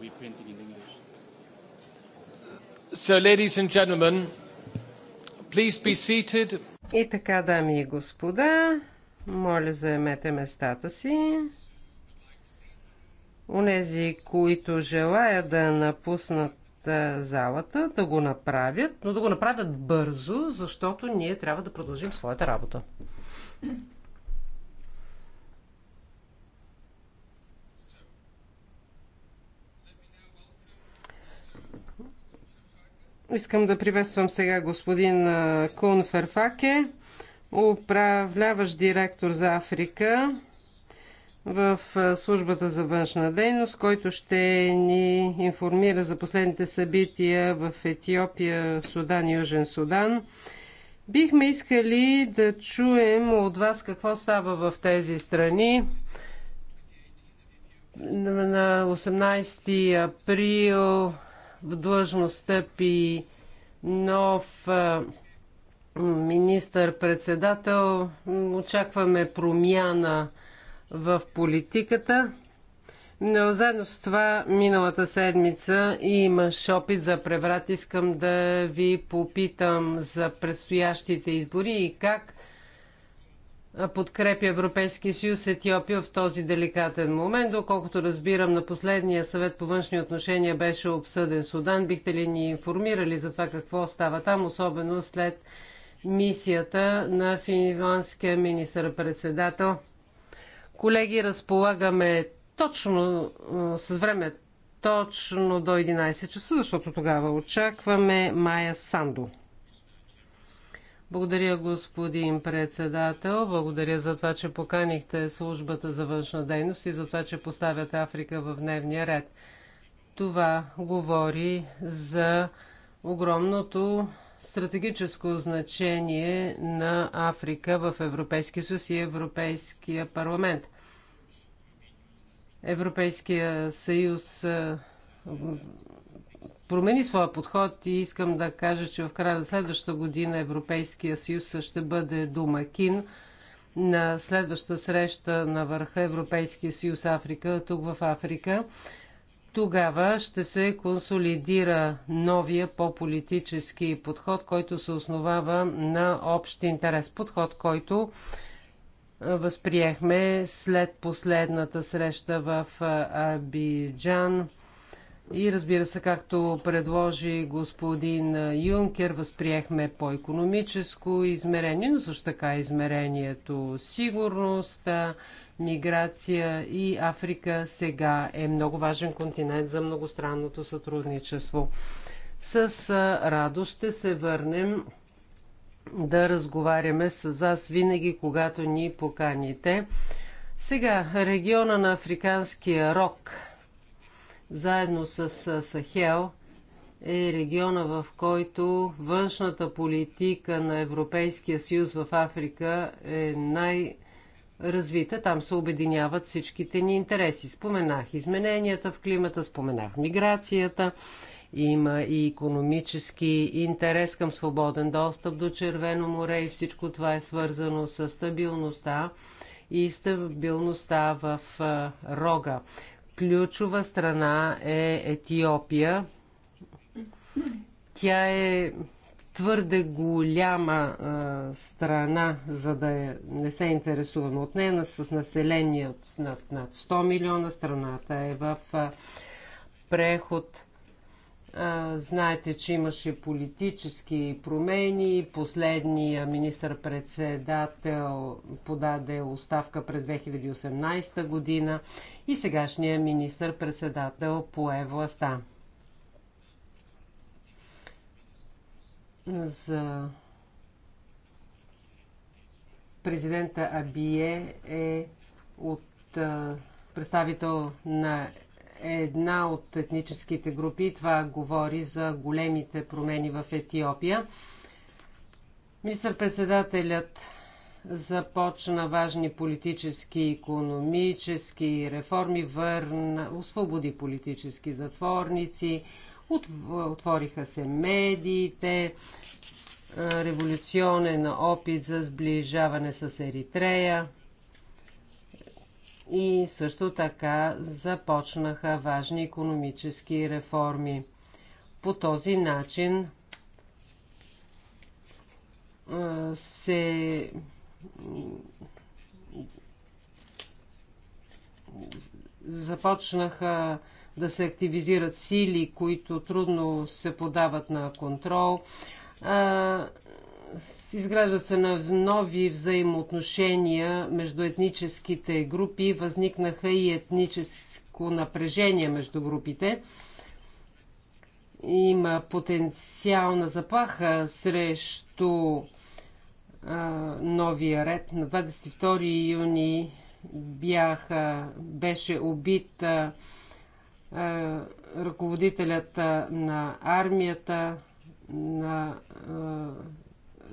we printing in English? So, ladies and gentlemen, please be seated. И така, дами и господа, моля заемете местата си. Унези, които желаят да напуснат залата, да го направят, но да го направят бързо, защото ние трябва да продължим своята работа. Искам да приветствам сега господин Кун Ферфаке, управляващ директор за Африка в службата за външна дейност, който ще ни информира за последните събития в Етиопия, Судан и Южен Судан. Бихме искали да чуем от вас какво става в тези страни. На 18 април в длъжност стъпи нов министър-председател, очакваме промяна в политиката. Но заедно с това, миналата седмица имаш опит за преврат. Искам да ви попитам за предстоящите избори и как Подкрепя Европейския съюз Етиопия в този деликатен момент. Доколкото разбирам, на последния съвет по външни отношения беше обсъден Судан. Бихте ли ни информирали за това какво става там, особено след мисията на финландския министър-председател? Колеги, разполагаме точно с време точно до 11 часа, защото тогава очакваме Майя Сандо. Благодаря, господин председател. Благодаря за това, че поканихте службата за външна дейност и за това, че поставяте Африка в дневния ред. Това говори за огромното стратегическо значение на Африка в Европейския съюз и Европейския парламент. Европейския съюз промени своя подход и искам да кажа, че в края на следващата година Европейския съюз ще бъде домакин на следваща среща на върха Европейския съюз Африка, тук в Африка. Тогава ще се консолидира новия по-политически подход, който се основава на общ интерес. Подход, който възприехме след последната среща в Абиджан и разбира се, както предложи господин Юнкер, възприехме по-економическо измерение, но също така измерението сигурност, миграция и Африка сега е много важен континент за многостранното сътрудничество. С радост ще се върнем да разговаряме с вас винаги, когато ни поканите. Сега региона на Африканския рок – заедно с Сахел е региона, в който външната политика на Европейския съюз в Африка е най- развита, там се обединяват всичките ни интереси. Споменах измененията в климата, споменах миграцията, има и економически интерес към свободен достъп до Червено море и всичко това е свързано с стабилността и стабилността в рога. Ключова страна е Етиопия. Тя е твърде голяма а, страна, за да е, не се интересуваме от нея, с население от над, над 100 милиона. Страната е в а, преход. Знаете, че имаше политически промени. Последния министр-председател подаде оставка през 2018 година и сегашния министр-председател пое властта. За президента Абие е от представител на една от етническите групи. Това говори за големите промени в Етиопия. Министър-председателят започна важни политически економически реформи, върна, освободи политически затворници, отвориха се медиите, революционен опит за сближаване с Еритрея и също така започнаха важни економически реформи. По този начин се започнаха да се активизират сили, които трудно се подават на контрол изграждат се на нови взаимоотношения между етническите групи, възникнаха и етническо напрежение между групите. Има потенциална заплаха срещу а, новия ред. На 22 юни бяха, беше убит а, а, ръководителят на армията на а,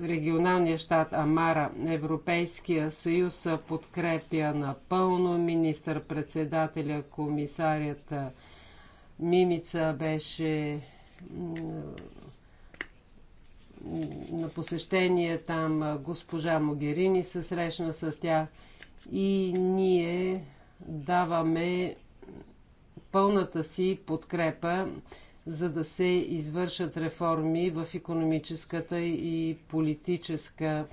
регионалния щат Амара. Европейския съюз подкрепя напълно министър-председателя, комисарят Мимица беше на посещение там госпожа Могерини се срещна с тях и ние даваме пълната си подкрепа за да се извършат реформи в економическата и политическа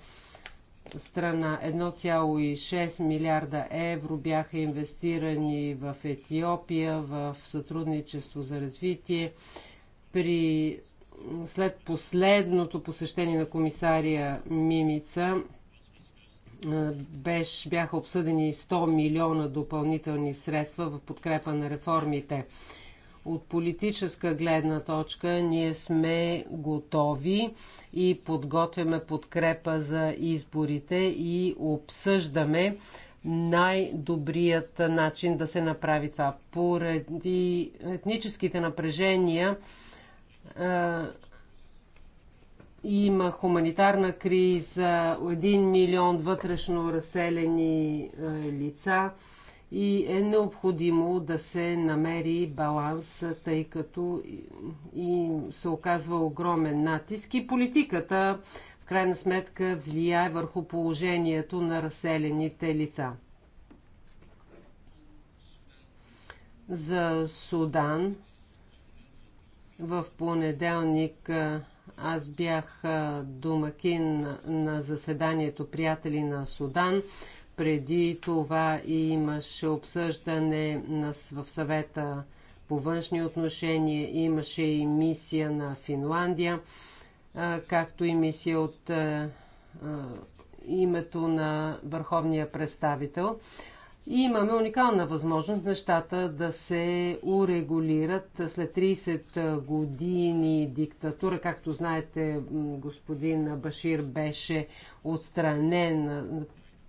страна. 1,6 милиарда евро бяха инвестирани в Етиопия, в сътрудничество за развитие. При след последното посещение на комисария Мимица беше, бяха обсъдени 100 милиона допълнителни средства в подкрепа на реформите. От политическа гледна точка ние сме готови и подготвяме подкрепа за изборите и обсъждаме най-добрият начин да се направи това. Поради етническите напрежения има хуманитарна криза, 1 милион вътрешно разселени лица, и е необходимо да се намери баланс, тъй като и се оказва огромен натиск и политиката в крайна сметка влияе върху положението на разселените лица. За Судан в понеделник аз бях домакин на заседанието Приятели на Судан преди това имаше обсъждане в съвета по външни отношения, имаше и мисия на Финландия, както и мисия от името на върховния представител. И имаме уникална възможност нещата да се урегулират след 30 години диктатура. Както знаете, господин Башир беше отстранен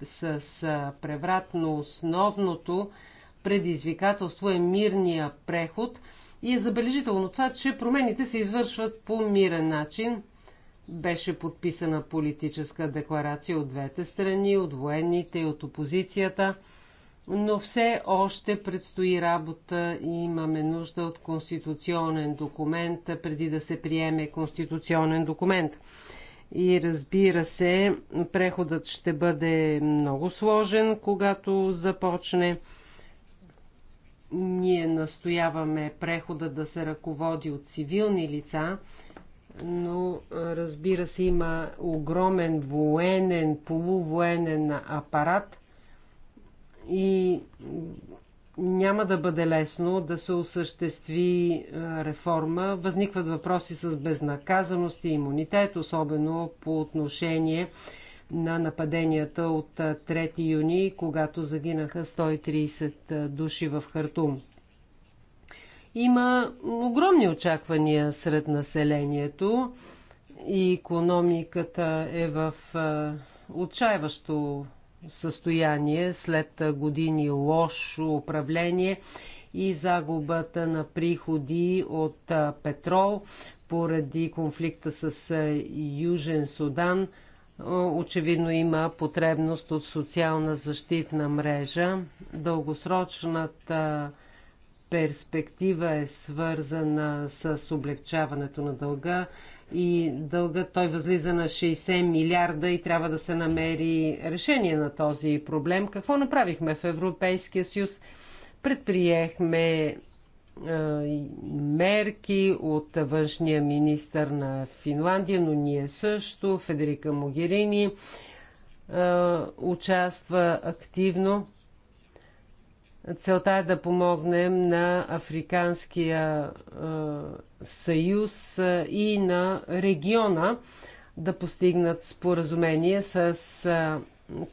с, с превратно основното предизвикателство е мирния преход. И е забележително това, че промените се извършват по мирен начин. Беше подписана политическа декларация от двете страни, от военните и от опозицията, но все още предстои работа и имаме нужда от конституционен документ, преди да се приеме конституционен документ. И разбира се, преходът ще бъде много сложен, когато започне. Ние настояваме прехода да се ръководи от цивилни лица, но разбира се има огромен военен, полувоенен апарат и няма да бъде лесно да се осъществи реформа. Възникват въпроси с безнаказаност и имунитет, особено по отношение на нападенията от 3 юни, когато загинаха 130 души в Хартум. Има огромни очаквания сред населението и економиката е в отчаяващо състояние след години лошо управление и загубата на приходи от петрол поради конфликта с Южен Судан. Очевидно има потребност от социална защитна мрежа. Дългосрочната перспектива е свързана с облегчаването на дълга, и дълга. Той възлиза на 60 милиарда и трябва да се намери решение на този проблем. Какво направихме в Европейския съюз? Предприехме мерки от външния министр на Финландия, но ние също, Федерика Могерини, участва активно. Целта е да помогнем на Африканския съюз и на региона да постигнат споразумение с.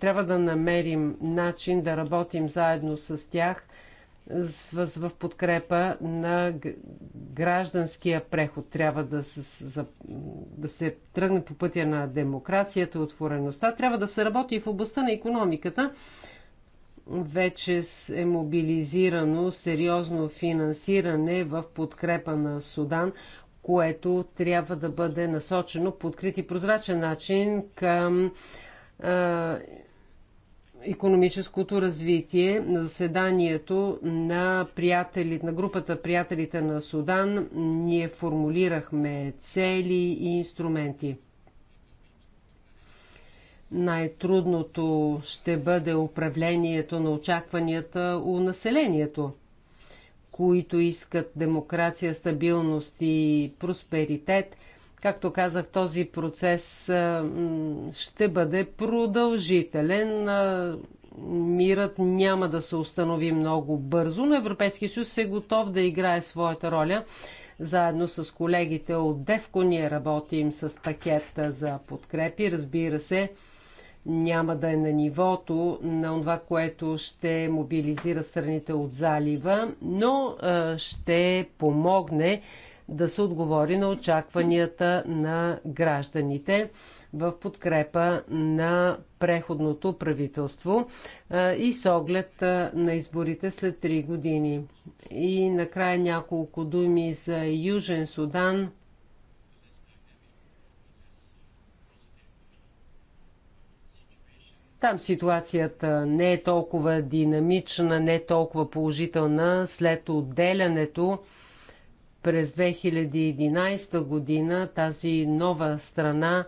Трябва да намерим начин да работим заедно с тях в подкрепа на гражданския преход. Трябва да се, да се тръгне по пътя на демокрацията, отвореността. Трябва да се работи и в областта на економиката вече е мобилизирано сериозно финансиране в подкрепа на Судан, което трябва да бъде насочено по открит и прозрачен начин към а, економическото развитие. На заседанието на, приятели, на групата Приятелите на Судан ние формулирахме цели и инструменти – най-трудното ще бъде управлението на очакванията у населението, които искат демокрация, стабилност и просперитет. Както казах, този процес ще бъде продължителен. Мирът няма да се установи много бързо, но Европейския съюз е готов да играе своята роля. Заедно с колегите от Девко ние работим с пакет за подкрепи. Разбира се, няма да е на нивото на това, което ще мобилизира страните от залива, но ще помогне да се отговори на очакванията на гражданите в подкрепа на преходното правителство и с оглед на изборите след 3 години. И накрая няколко думи за Южен Судан – Там ситуацията не е толкова динамична, не е толкова положителна след отделянето през 2011 година тази нова страна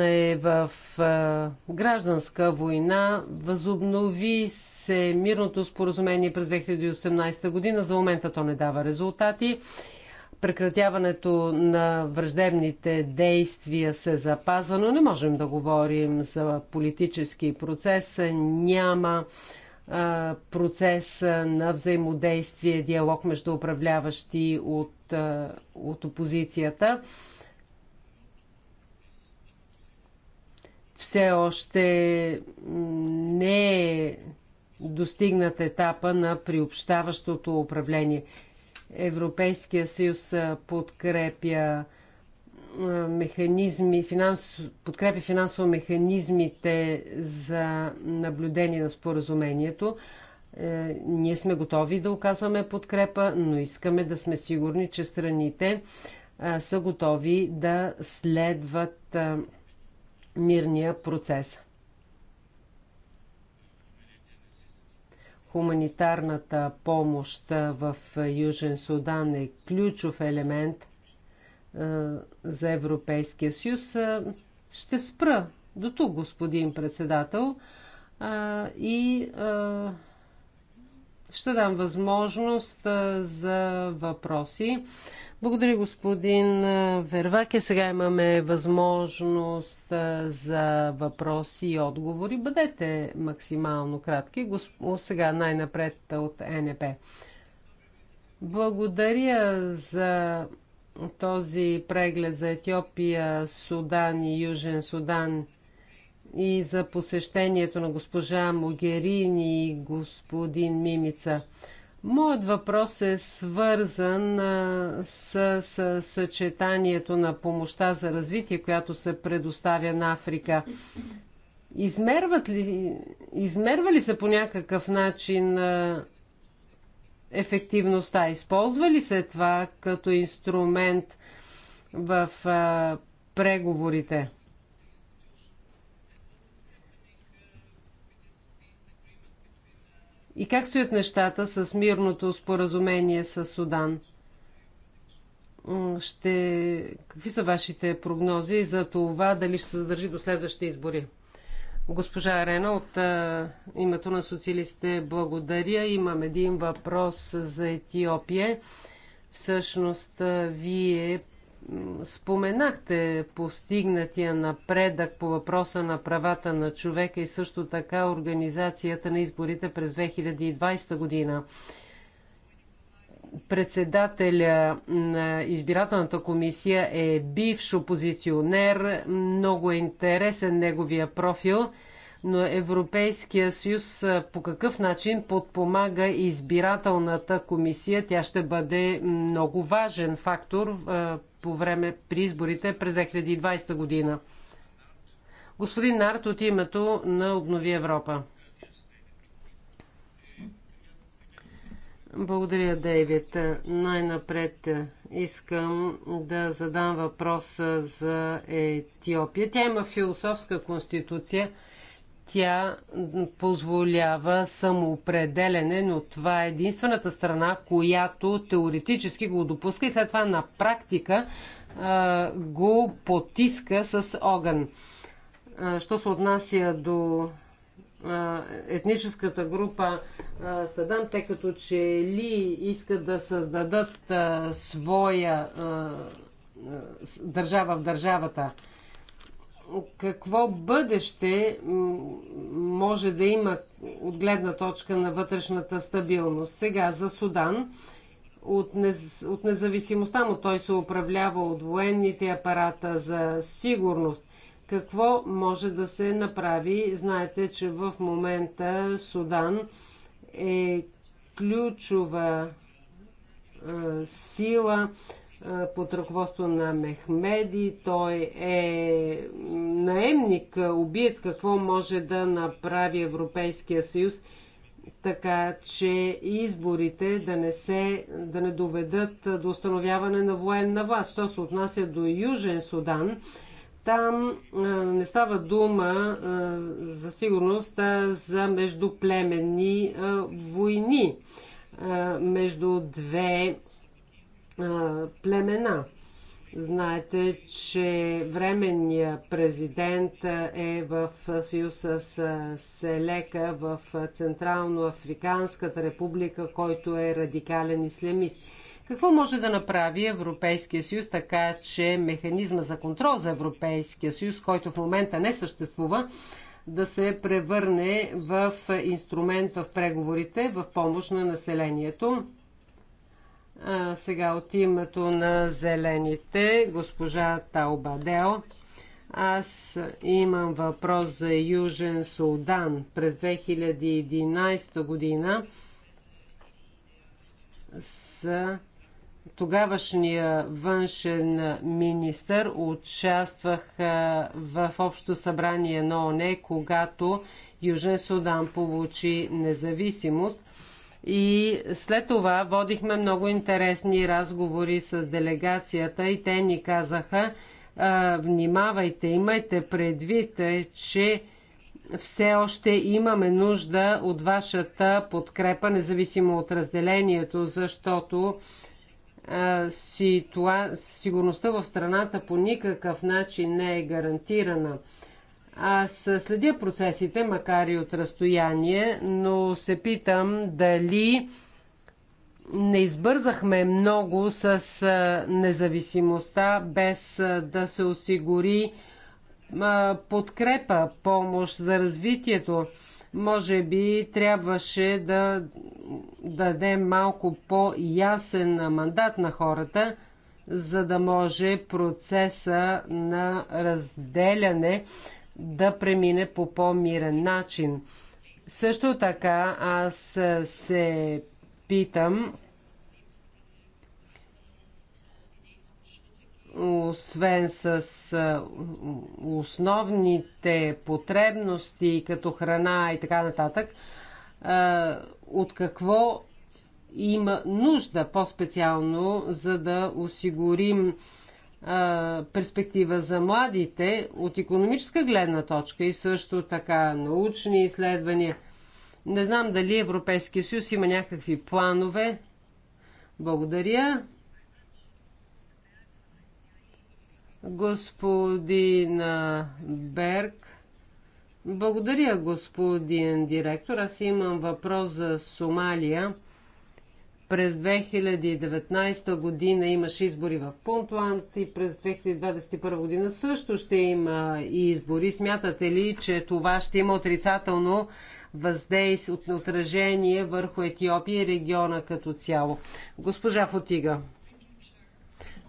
е в е, гражданска война. Възобнови се мирното споразумение през 2018 година. За момента то не дава резултати прекратяването на враждебните действия се запазва, но не можем да говорим за политически процес. Няма а, процес на взаимодействие, диалог между управляващи от, а, от опозицията. Все още не е достигнат етапа на приобщаващото управление. Европейския съюз подкрепя механизми, финансово, подкрепи финансово механизмите за наблюдение на споразумението. Е, ние сме готови да оказваме подкрепа, но искаме да сме сигурни, че страните са готови да следват мирния процес. Хуманитарната помощ в Южен Судан е ключов елемент за Европейския съюз. Ще спра до тук, господин председател, и ще дам възможност за въпроси. Благодаря, господин Верваке. Сега имаме възможност за въпроси и отговори. Бъдете максимално кратки. Госп... Сега най-напред от НП. Благодаря за този преглед за Етиопия, Судан и Южен Судан и за посещението на госпожа Могерини и господин Мимица. Моят въпрос е свързан с, с съчетанието на помощта за развитие, която се предоставя на Африка. Измерват ли, измерва ли се по някакъв начин ефективността? Използва ли се това като инструмент в а, преговорите? И как стоят нещата с мирното споразумение с Судан? Ще... Какви са вашите прогнози за това дали ще се задържи до следващите избори? Госпожа Арена от а, името на социалистите благодаря. Имам един въпрос за Етиопия. Всъщност, вие Споменахте постигнатия напредък по въпроса на правата на човека и също така организацията на изборите през 2020 година. Председателя на избирателната комисия е бивш опозиционер, много е интересен неговия профил, но Европейския съюз по какъв начин подпомага избирателната комисия? Тя ще бъде много важен фактор по време при изборите през 2020 година. Господин Нарт от името на Обнови Европа. Благодаря, Дейвид. Най-напред искам да задам въпрос за Етиопия. Тя има философска конституция – тя позволява самоопределене, но това е единствената страна, която теоретически го допуска и след това на практика а, го потиска с огън. А, що се отнася до етническата група Садан, тъй като че ли искат да създадат своя държава в държавата какво бъдеще може да има от гледна точка на вътрешната стабилност. Сега за Судан. От, нез, от независимостта му той се управлява от военните апарата за сигурност. Какво може да се направи? Знаете, че в момента Судан е ключова сила под ръководство на Мехмеди. Той е наемник, убиец. Какво може да направи Европейския съюз, така че изборите да не, се, да не доведат до установяване на военна власт. Що се отнася до Южен Судан, там не става дума за сигурност, а за междуплеменни войни между две племена. Знаете, че временният президент е в съюз с Селека в Централно-Африканската република, който е радикален ислямист. Какво може да направи Европейския съюз, така че механизма за контрол за Европейския съюз, който в момента не съществува, да се превърне в инструмент в преговорите в помощ на населението? А, сега от името на зелените, госпожа Талбадел. Аз имам въпрос за Южен Судан. През 2011 година с тогавашния външен министр участвах в Общо събрание на ОНЕ, когато Южен Судан получи независимост. И след това водихме много интересни разговори с делегацията и те ни казаха, внимавайте, имайте предвид, е, че все още имаме нужда от вашата подкрепа, независимо от разделението, защото ситуа... сигурността в страната по никакъв начин не е гарантирана. Аз следя процесите, макар и от разстояние, но се питам дали не избързахме много с независимостта, без да се осигури подкрепа, помощ за развитието. Може би трябваше да дадем малко по-ясен мандат на хората, за да може процеса на разделяне да премине по по-мирен начин. Също така аз се питам, освен с основните потребности, като храна и така нататък, от какво има нужда по-специално, за да осигурим перспектива за младите от економическа гледна точка и също така научни изследвания. Не знам дали Европейския съюз има някакви планове. Благодаря. Господин Берг. Благодаря, господин директор. Аз имам въпрос за Сомалия. През 2019 година имаше избори в Пунтланд и през 2021 година също ще има и избори. Смятате ли, че това ще има отрицателно въздействие от отражение върху Етиопия и региона като цяло? Госпожа Фотига.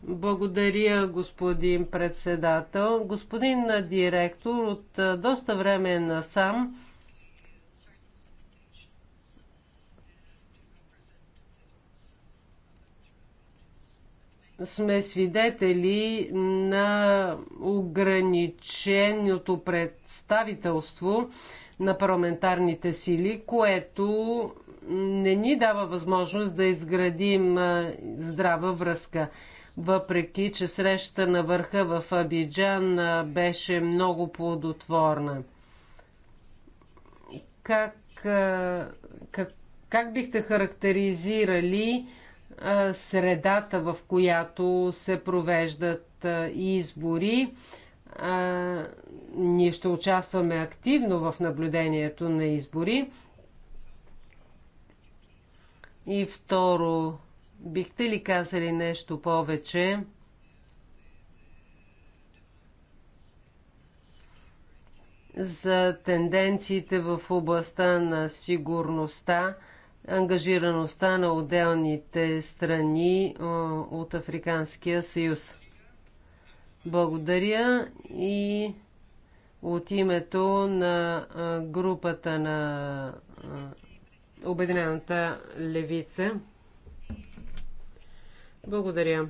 Благодаря, господин председател. Господин директор, от доста време насам сме свидетели на ограниченото представителство на парламентарните сили, което не ни дава възможност да изградим здрава връзка. Въпреки, че среща на върха в Абиджан беше много плодотворна. Как, как, как бихте характеризирали средата, в която се провеждат избори. Ние ще участваме активно в наблюдението на избори. И второ, бихте ли казали нещо повече? за тенденциите в областта на сигурността ангажираността на отделните страни от Африканския съюз. Благодаря и от името на групата на Обединената левица. Благодаря.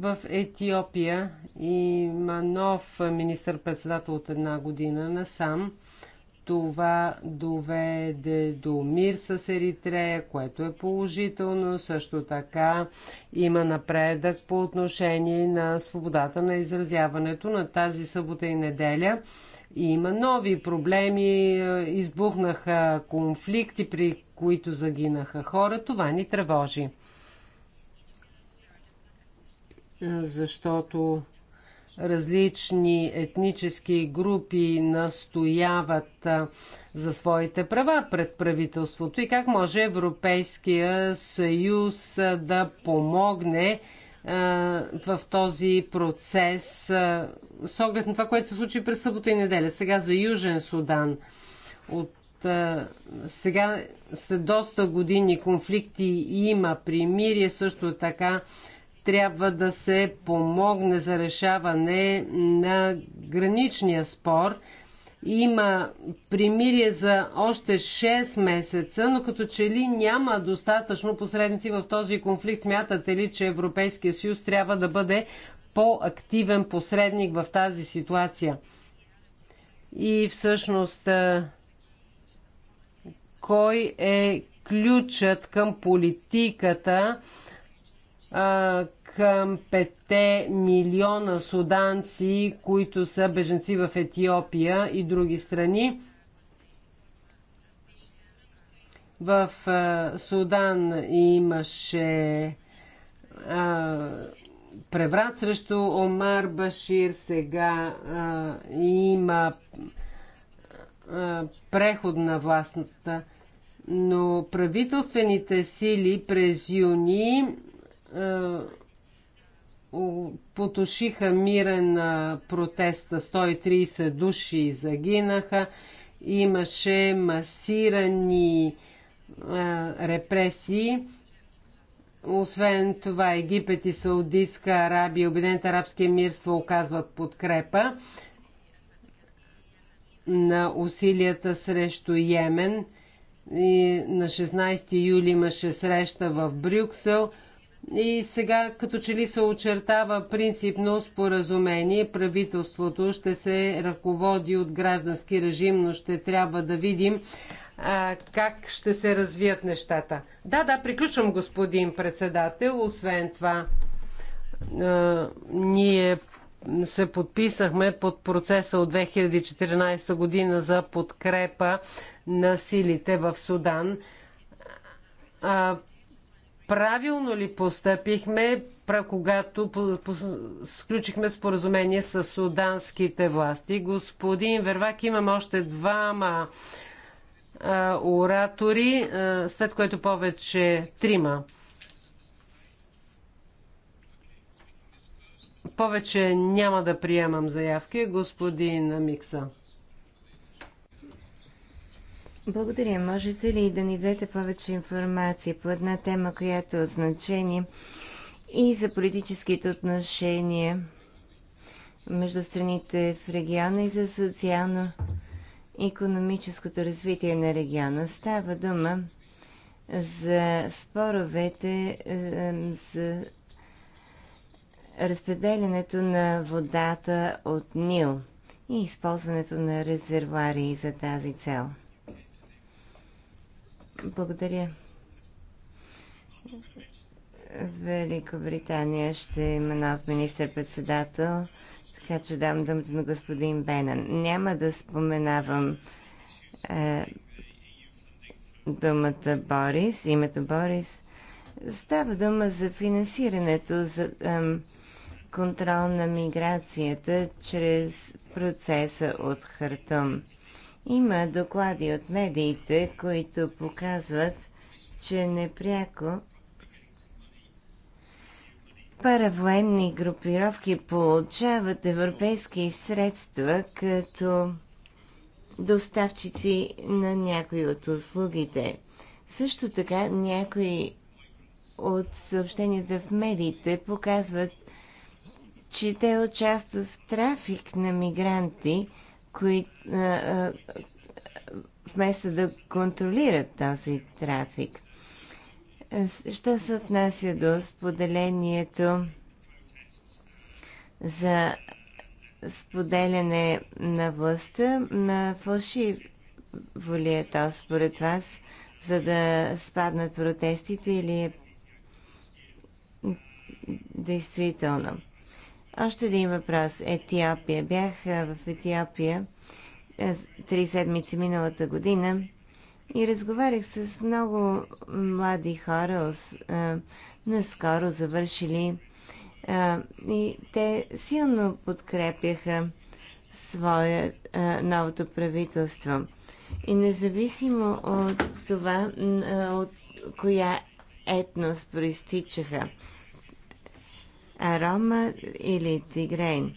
В Етиопия има нов министър-председател от една година насам. Това доведе до мир с Еритрея, което е положително. Също така има напредък по отношение на свободата на изразяването на тази събота и неделя. И има нови проблеми, е, избухнаха конфликти, при които загинаха хора. Това ни тревожи. Е, защото различни етнически групи настояват за своите права пред правителството и как може Европейския съюз да помогне в този процес с оглед на това, което се случи през събота и неделя. Сега за Южен Судан. От сега след доста години конфликти има примирие, също така трябва да се помогне за решаване на граничния спор. Има примирие за още 6 месеца, но като че ли няма достатъчно посредници в този конфликт. Смятате ли, че Европейския съюз трябва да бъде по-активен посредник в тази ситуация? И всъщност, кой е ключът към политиката? към 5 милиона суданци, които са беженци в Етиопия и други страни. В Судан имаше преврат срещу Омар Башир. Сега има преход на властността. Но правителствените сили през юни е, потушиха мирен протест. 130 души загинаха. Имаше масирани е, репресии. Освен това, Египет и Саудитска Арабия и Обединените арабски мирства оказват подкрепа на усилията срещу Йемен. И на 16 юли имаше среща в Брюксел – и сега, като че ли се очертава принципно споразумение, правителството ще се ръководи от граждански режим, но ще трябва да видим а, как ще се развият нещата. Да, да, приключвам, господин председател. Освен това, а, ние се подписахме под процеса от 2014 година за подкрепа на силите в Судан. А, правилно ли постъпихме, когато сключихме споразумение с суданските власти. Господин Вервак, имам още двама а, оратори, а, след което повече трима. Повече няма да приемам заявки, господин Микса. Благодаря. Можете ли да ни дадете повече информация по една тема, която е от значение и за политическите отношения между страните в региона и за социално-економическото развитие на региона? Става дума за споровете за разпределянето на водата от Нил и използването на резервуари за тази цел. Благодаря. Великобритания ще има нов министр-председател, така че дам думата на господин Бенан. Няма да споменавам е, думата Борис, името Борис. Става дума за финансирането, за е, контрол на миграцията чрез процеса от Хартум. Има доклади от медиите, които показват, че непряко паравоенни групировки получават европейски средства като доставчици на някои от услугите. Също така някои от съобщенията в медиите показват, че те участват в трафик на мигранти – кои, а, а, вместо да контролират този трафик. Що се отнася до споделението за споделяне на властта, на фалшиво ли е то според вас, за да спаднат протестите или е действително? Още един въпрос. Етиопия. Бях в Етиопия три седмици миналата година и разговарях с много млади хора, наскоро завършили. И те силно подкрепяха своя новото правителство. И независимо от това, от коя етнос проистичаха. Арома или Тигрейн.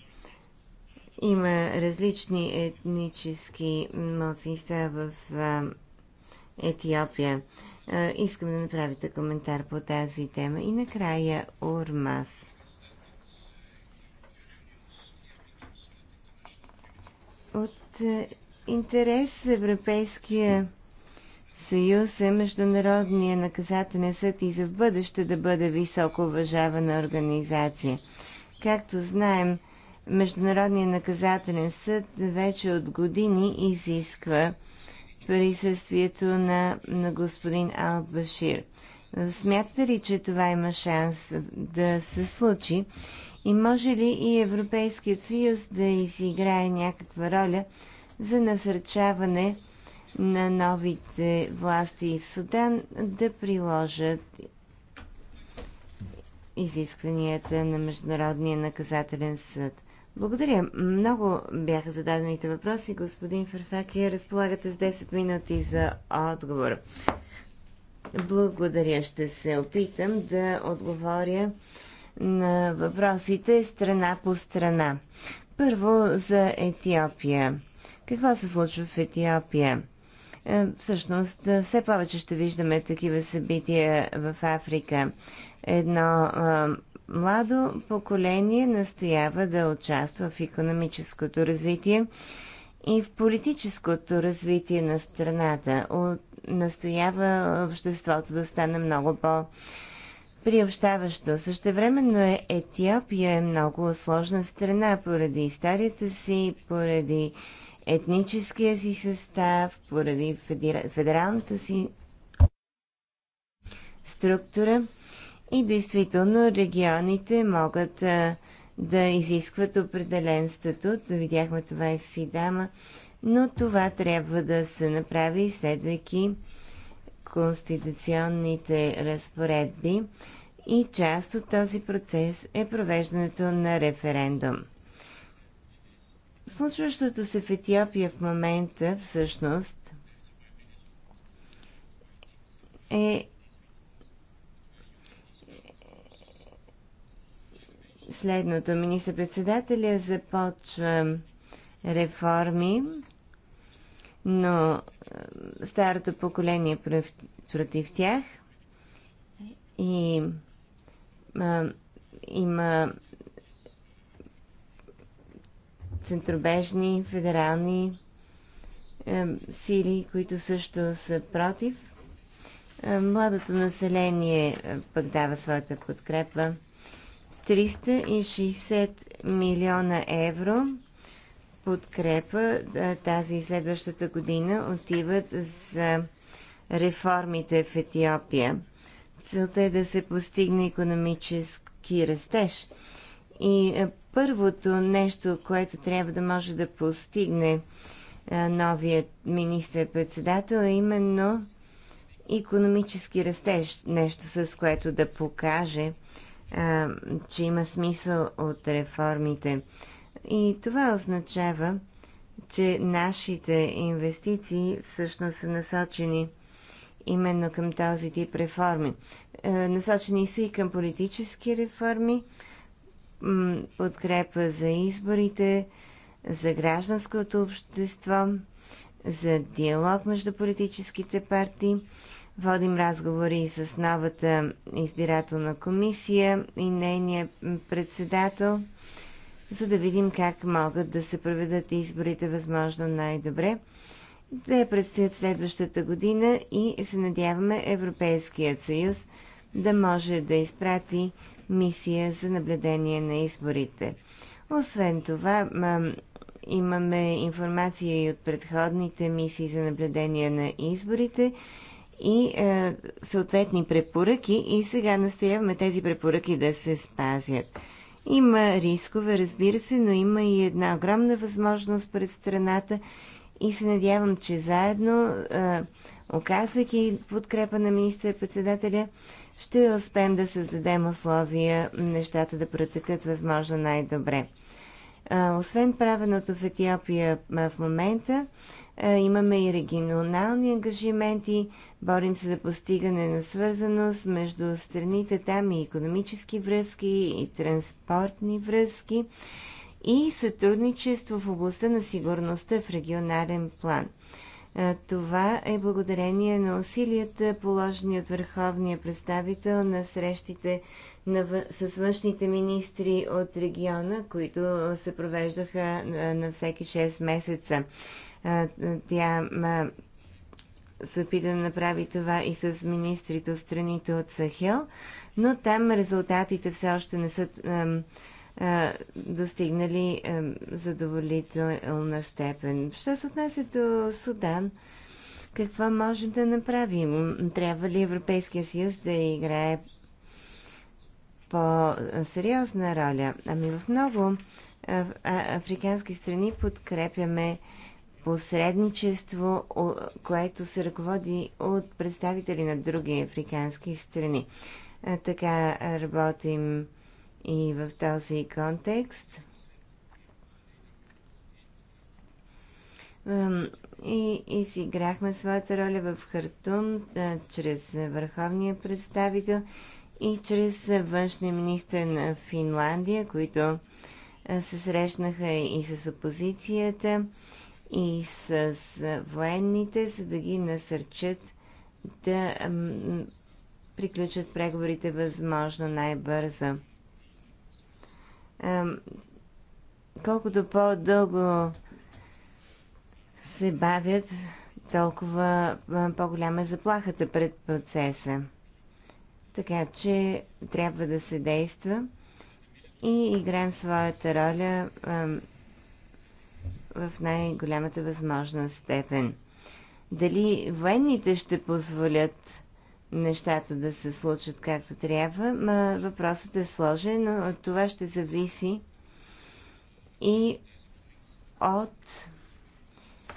Има различни етнически младсинства в Етиопия. Искам да направите коментар по тази тема. И накрая Урмас. От интерес Европейския съюз е Международния наказателен съд и за в бъдеще да бъде високо уважавана организация. Както знаем, Международният наказателен съд вече от години изисква присъствието на, на господин Албашир. Смятате ли, че това има шанс да се случи? И може ли и Европейският съюз да изиграе някаква роля за насърчаване на новите власти в Судан да приложат изискванията на Международния наказателен съд. Благодаря. Много бяха зададените въпроси. Господин Ферфаки, разполагате с 10 минути за отговор. Благодаря. Ще се опитам да отговоря на въпросите страна по страна. Първо за Етиопия. Какво се случва в Етиопия? Е, всъщност, е, все повече ще виждаме такива събития в Африка. Едно е, младо поколение настоява да участва в економическото развитие и в политическото развитие на страната. От, настоява обществото да стане много по- приобщаващо. Същевременно е Етиопия е много сложна страна поради историята си, поради етническия си състав, поради федералната си структура и действително регионите могат а, да изискват определен статут. Видяхме това и в Сидама, но това трябва да се направи, следвайки конституционните разпоредби и част от този процес е провеждането на референдум. Случващото се в Етиопия в момента всъщност е следното. Министър-председателя започва реформи, но е, старото поколение против, тях и а, е, има центробежни федерални е, сили, които също са против. Е, младото население е, пък дава своята подкрепа. 360 милиона евро подкрепа е, тази и следващата година отиват за реформите в Етиопия. Целта е да се постигне економически растеж. И е, първото нещо, което трябва да може да постигне новият министр-председател, е именно економически растеж, нещо с което да покаже, че има смисъл от реформите. И това означава, че нашите инвестиции всъщност са насочени именно към този тип реформи. Е, насочени са и към политически реформи, подкрепа за изборите, за гражданското общество, за диалог между политическите партии. Водим разговори с новата избирателна комисия и нейния председател, за да видим как могат да се проведат изборите възможно най-добре. Да я предстоят следващата година и се надяваме Европейският съюз да може да изпрати мисия за наблюдение на изборите. Освен това, имаме информация и от предходните мисии за наблюдение на изборите и е, съответни препоръки и сега настояваме тези препоръки да се спазят. Има рискове, разбира се, но има и една огромна възможност пред страната и се надявам, че заедно, е, оказвайки подкрепа на министър-председателя, ще успеем да създадем условия нещата да протекат възможно най-добре. Освен правеното в Етиопия в момента, имаме и регионални ангажименти, борим се за постигане на свързаност между страните, там и економически връзки, и транспортни връзки, и сътрудничество в областта на сигурността в регионален план. Това е благодарение на усилията, положени от върховния представител на срещите на, с външните министри от региона, които се провеждаха на, на всеки 6 месеца. Тя ма, се опита да направи това и с министрите от страните от Сахел, но там резултатите все още не са достигнали задоволителна степен. Що се отнася до Судан, какво можем да направим? Трябва ли Европейския съюз да играе по-сериозна роля? Ами в много африкански страни подкрепяме посредничество, което се ръководи от представители на други африкански страни. Така работим и в този контекст и изиграхме своята роля в Хартум чрез върховния представител и чрез външния министр на Финландия, които се срещнаха и с опозицията, и с военните, за да ги насърчат да приключат преговорите възможно най-бързо колкото по-дълго се бавят, толкова по-голяма е заплахата пред процеса. Така че трябва да се действа и играем своята роля в най-голямата възможна степен. Дали военните ще позволят нещата да се случат както трябва. Ма, въпросът е сложен, но от това ще зависи и от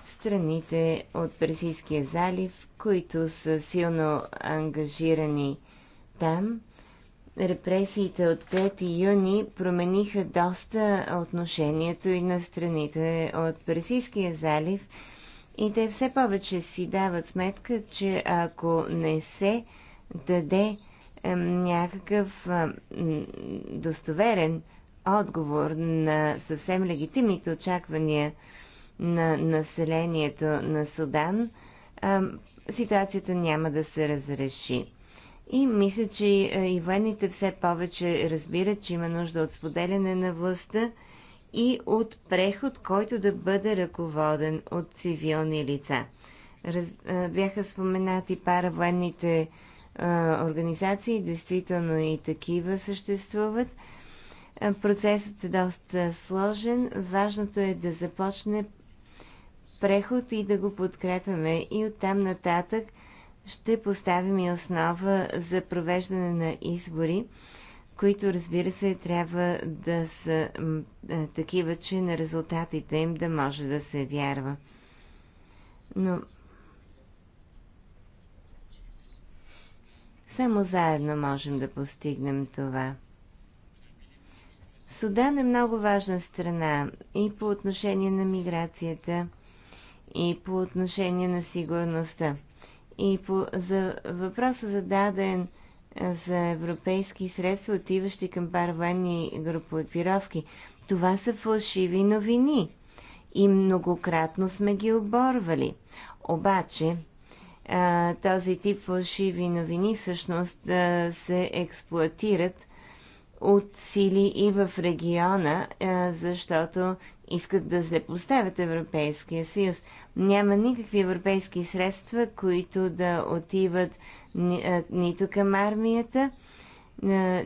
страните от Персийския залив, които са силно ангажирани там. Репресиите от 3 юни промениха доста отношението и на страните от Персийския залив – и те все повече си дават сметка, че ако не се даде някакъв достоверен отговор на съвсем легитимните очаквания на населението на Судан, ситуацията няма да се разреши. И мисля, че е, и военните все повече разбират, че има нужда от споделяне на властта и от преход, който да бъде ръководен от цивилни лица. Раз, бяха споменати паравоенните а, организации, действително и такива съществуват. Процесът е доста сложен. Важното е да започне преход и да го подкрепяме. И оттам нататък ще поставим и основа за провеждане на избори които разбира се трябва да са такива, че на резултатите им да може да се вярва. Но само заедно можем да постигнем това. Судан е много важна страна и по отношение на миграцията, и по отношение на сигурността. И по, за въпроса зададен за европейски средства, отиващи към парвани групировки. Това са фалшиви новини и многократно сме ги оборвали. Обаче, този тип фалшиви новини всъщност се експлуатират от сили и в региона, защото искат да злепоставят Европейския съюз. Няма никакви европейски средства, които да отиват ни, нито към армията,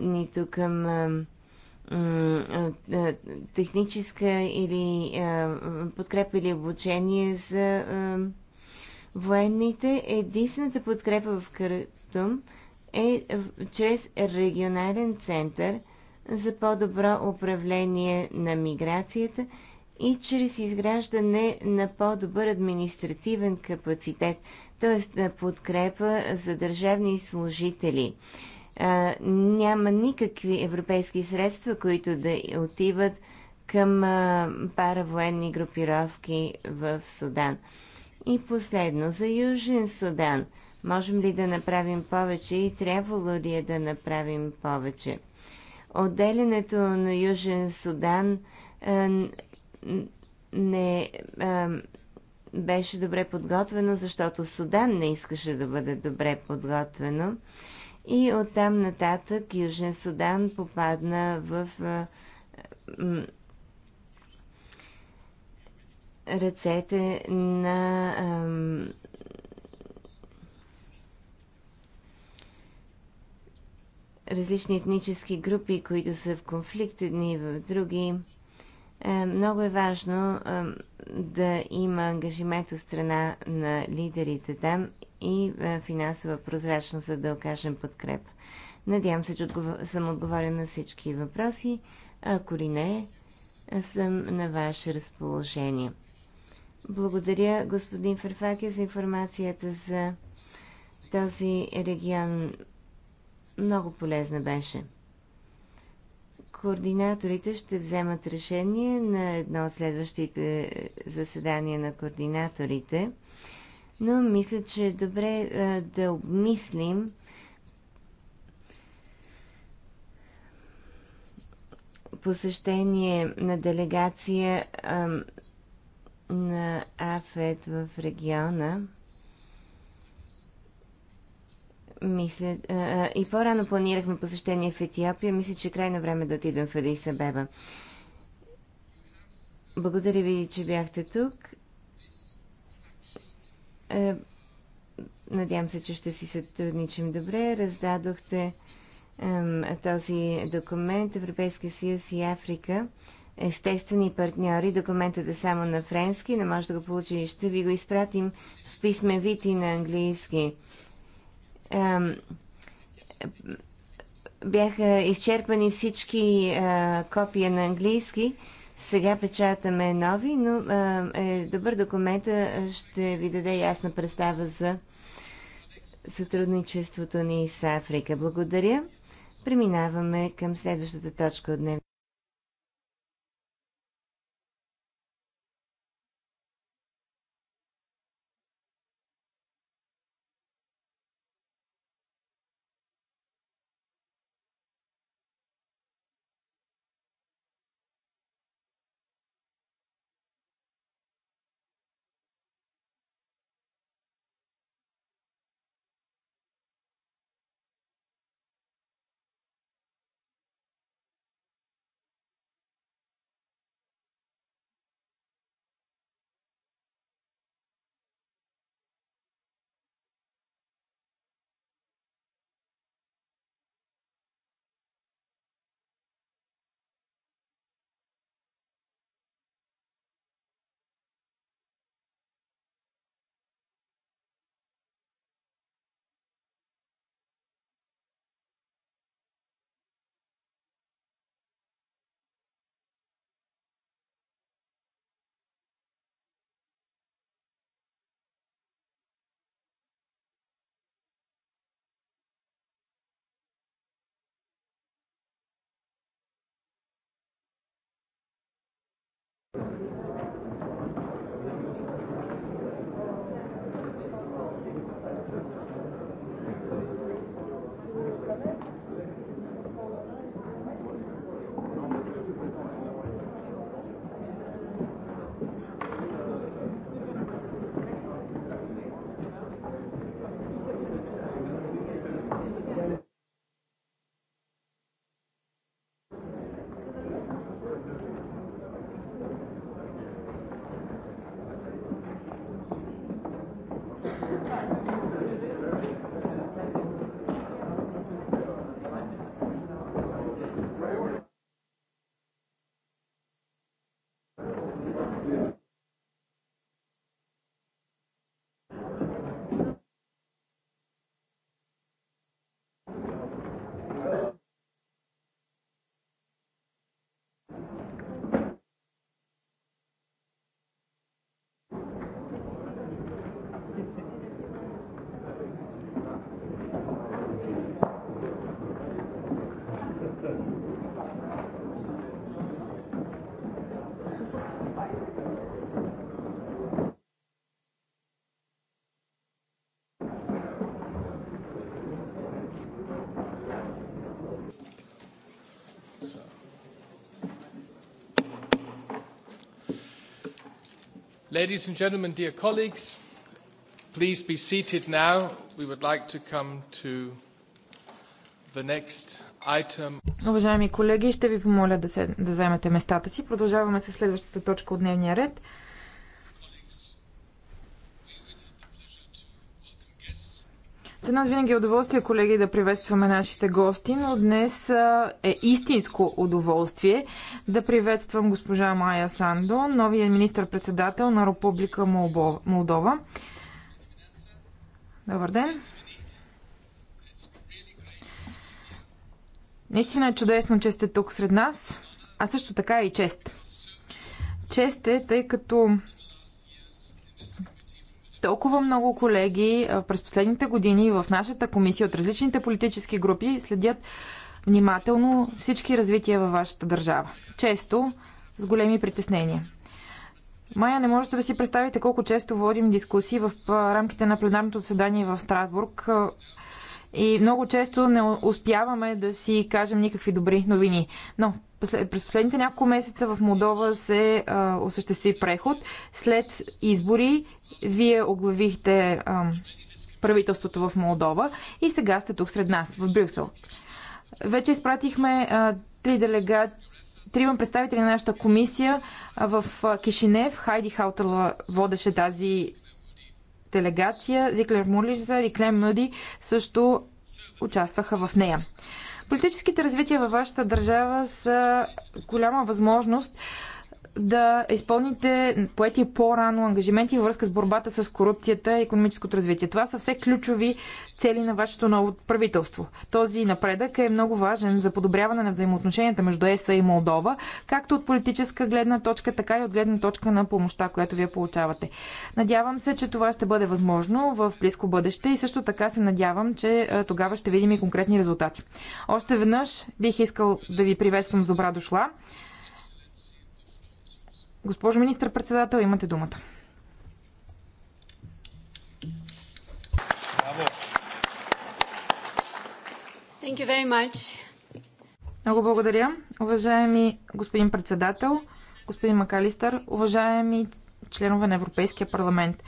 нито към техническа или подкрепа или обучение за военните. Единствената подкрепа в Картум е чрез регионален център за по-добро управление на миграцията и чрез изграждане на по-добър административен капацитет т.е. подкрепа за държавни служители. А, няма никакви европейски средства, които да отиват към а, паравоенни групировки в Судан. И последно, за Южен Судан. Можем ли да направим повече и трябвало ли е да направим повече? Отделянето на Южен Судан а, не. А, беше добре подготвено, защото Судан не искаше да бъде добре подготвено. И оттам нататък Южен Судан попадна в ръцете на различни етнически групи, които са в конфликт едни в други. Е, много е важно е, да има ангажимент от страна на лидерите там и е, финансова прозрачност, за да окажем подкреп. Надявам се, че съм отговорен на всички въпроси. Ако ли не, съм на ваше разположение. Благодаря, господин Фарфаке, за информацията за този регион. Много полезна беше координаторите ще вземат решение на едно от следващите е, заседания на координаторите, но мисля, че е добре а, е, да обмислим посещение на делегация а, на АФЕД в региона – мисля, и по-рано планирахме посещение в Етиопия. Мисля, че е крайно време да отидем в Адиса Беба. Благодаря ви, че бяхте тук. Е, надявам се, че ще си сътрудничим добре. Раздадохте този документ Европейския съюз и Африка естествени партньори. Документът е само на френски, не може да го получи. Ще ви го изпратим в писмен вид и на английски бяха изчерпани всички копия на английски. Сега печатаме нови, но е добър документ, ще ви даде ясна представа за сътрудничеството ни с Африка. Благодаря. Преминаваме към следващата точка от днем. Ladies and gentlemen, dear colleagues, please be seated now. We would like to come to the next item. Уважаеми колеги, ще ви помоля да, се, да заемете местата си. Продължаваме с следващата точка от дневния ред. За нас винаги е удоволствие, колеги, да приветстваме нашите гости, но днес е истинско удоволствие да приветствам госпожа Майя Сандо, новия министр-председател на Република Молдова. Добър ден! Наистина е чудесно, че сте тук сред нас, а също така и чест. Чест е, тъй като толкова много колеги през последните години в нашата комисия от различните политически групи следят внимателно всички развития във вашата държава. Често с големи притеснения. Мая, не можете да си представите колко често водим дискусии в рамките на пленарното заседание в Страсбург и много често не успяваме да си кажем никакви добри новини. Но през последните няколко месеца в Молдова се а, осъществи преход. След избори вие оглавихте а, правителството в Молдова и сега сте тук сред нас, в Брюксел. Вече изпратихме а, три делегати трима представители на нашата комисия в Кишинев. Хайди Хаутерла водеше тази делегация. Зиклер Мурлиза и Клем Мъди също участваха в нея. Политическите развития във вашата държава са голяма възможност да изпълните поети по-рано ангажименти във връзка с борбата с корупцията и економическото развитие. Това са все ключови цели на вашето ново правителство. Този напредък е много важен за подобряване на взаимоотношенията между ЕСА и Молдова, както от политическа гледна точка, така и от гледна точка на помощта, която вие получавате. Надявам се, че това ще бъде възможно в близко бъдеще и също така се надявам, че тогава ще видим и конкретни резултати. Още веднъж бих искал да ви приветствам с добра дошла. Госпожо министр-председател, имате думата. Thank you very much. Много благодаря. Уважаеми господин председател, господин Макалистър, уважаеми членове на Европейския парламент.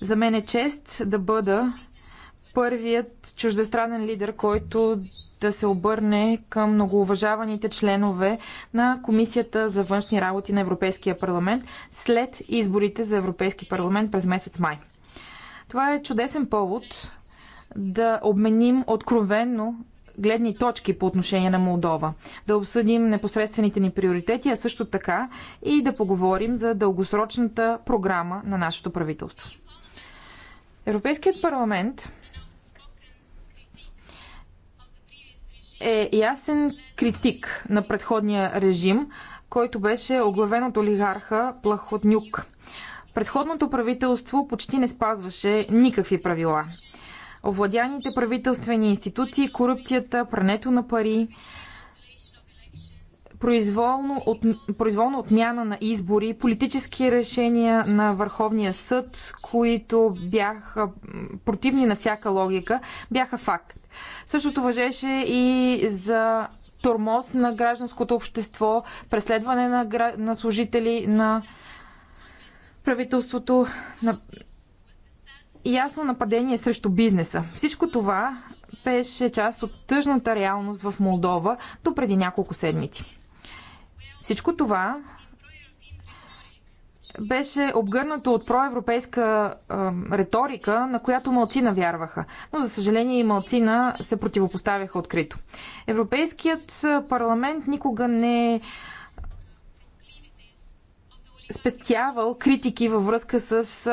За мен е чест да бъда първият чуждестранен лидер, който да се обърне към многоуважаваните членове на Комисията за външни работи на Европейския парламент след изборите за Европейски парламент през месец май. Това е чудесен повод да обменим откровенно гледни точки по отношение на Молдова, да обсъдим непосредствените ни приоритети, а също така и да поговорим за дългосрочната програма на нашето правителство. Европейският парламент е ясен критик на предходния режим, който беше оглавен от олигарха Плахотнюк. Предходното правителство почти не спазваше никакви правила. Овладяните правителствени институти, корупцията, прането на пари, произволно, от, произволно отмяна на избори, политически решения на Върховния съд, които бяха противни на всяка логика, бяха факт. Същото въжеше и за тормоз на гражданското общество, преследване на, гра... на служители на правителството, на ясно нападение срещу бизнеса. Всичко това беше част от тъжната реалност в Молдова до преди няколко седмици. Всичко това беше обгърнато от проевропейска е, риторика, на която малцина вярваха. Но, за съжаление, и малцина се противопоставяха открито. Европейският парламент никога не спестявал критики във връзка с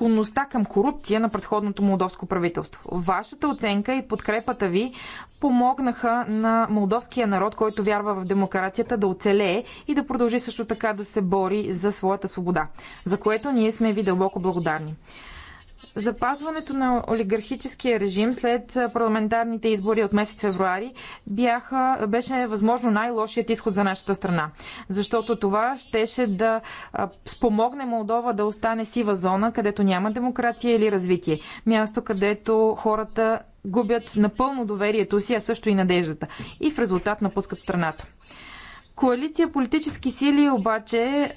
склонността към корупция на предходното молдовско правителство. Вашата оценка и подкрепата ви помогнаха на молдовския народ, който вярва в демокрацията, да оцелее и да продължи също така да се бори за своята свобода, за което ние сме ви дълбоко благодарни запазването на олигархическия режим след парламентарните избори от месец февруари бяха, беше възможно най-лошият изход за нашата страна. Защото това щеше да спомогне Молдова да остане сива зона, където няма демокрация или развитие. Място, където хората губят напълно доверието си, а също и надеждата. И в резултат напускат страната. Коалиция политически сили обаче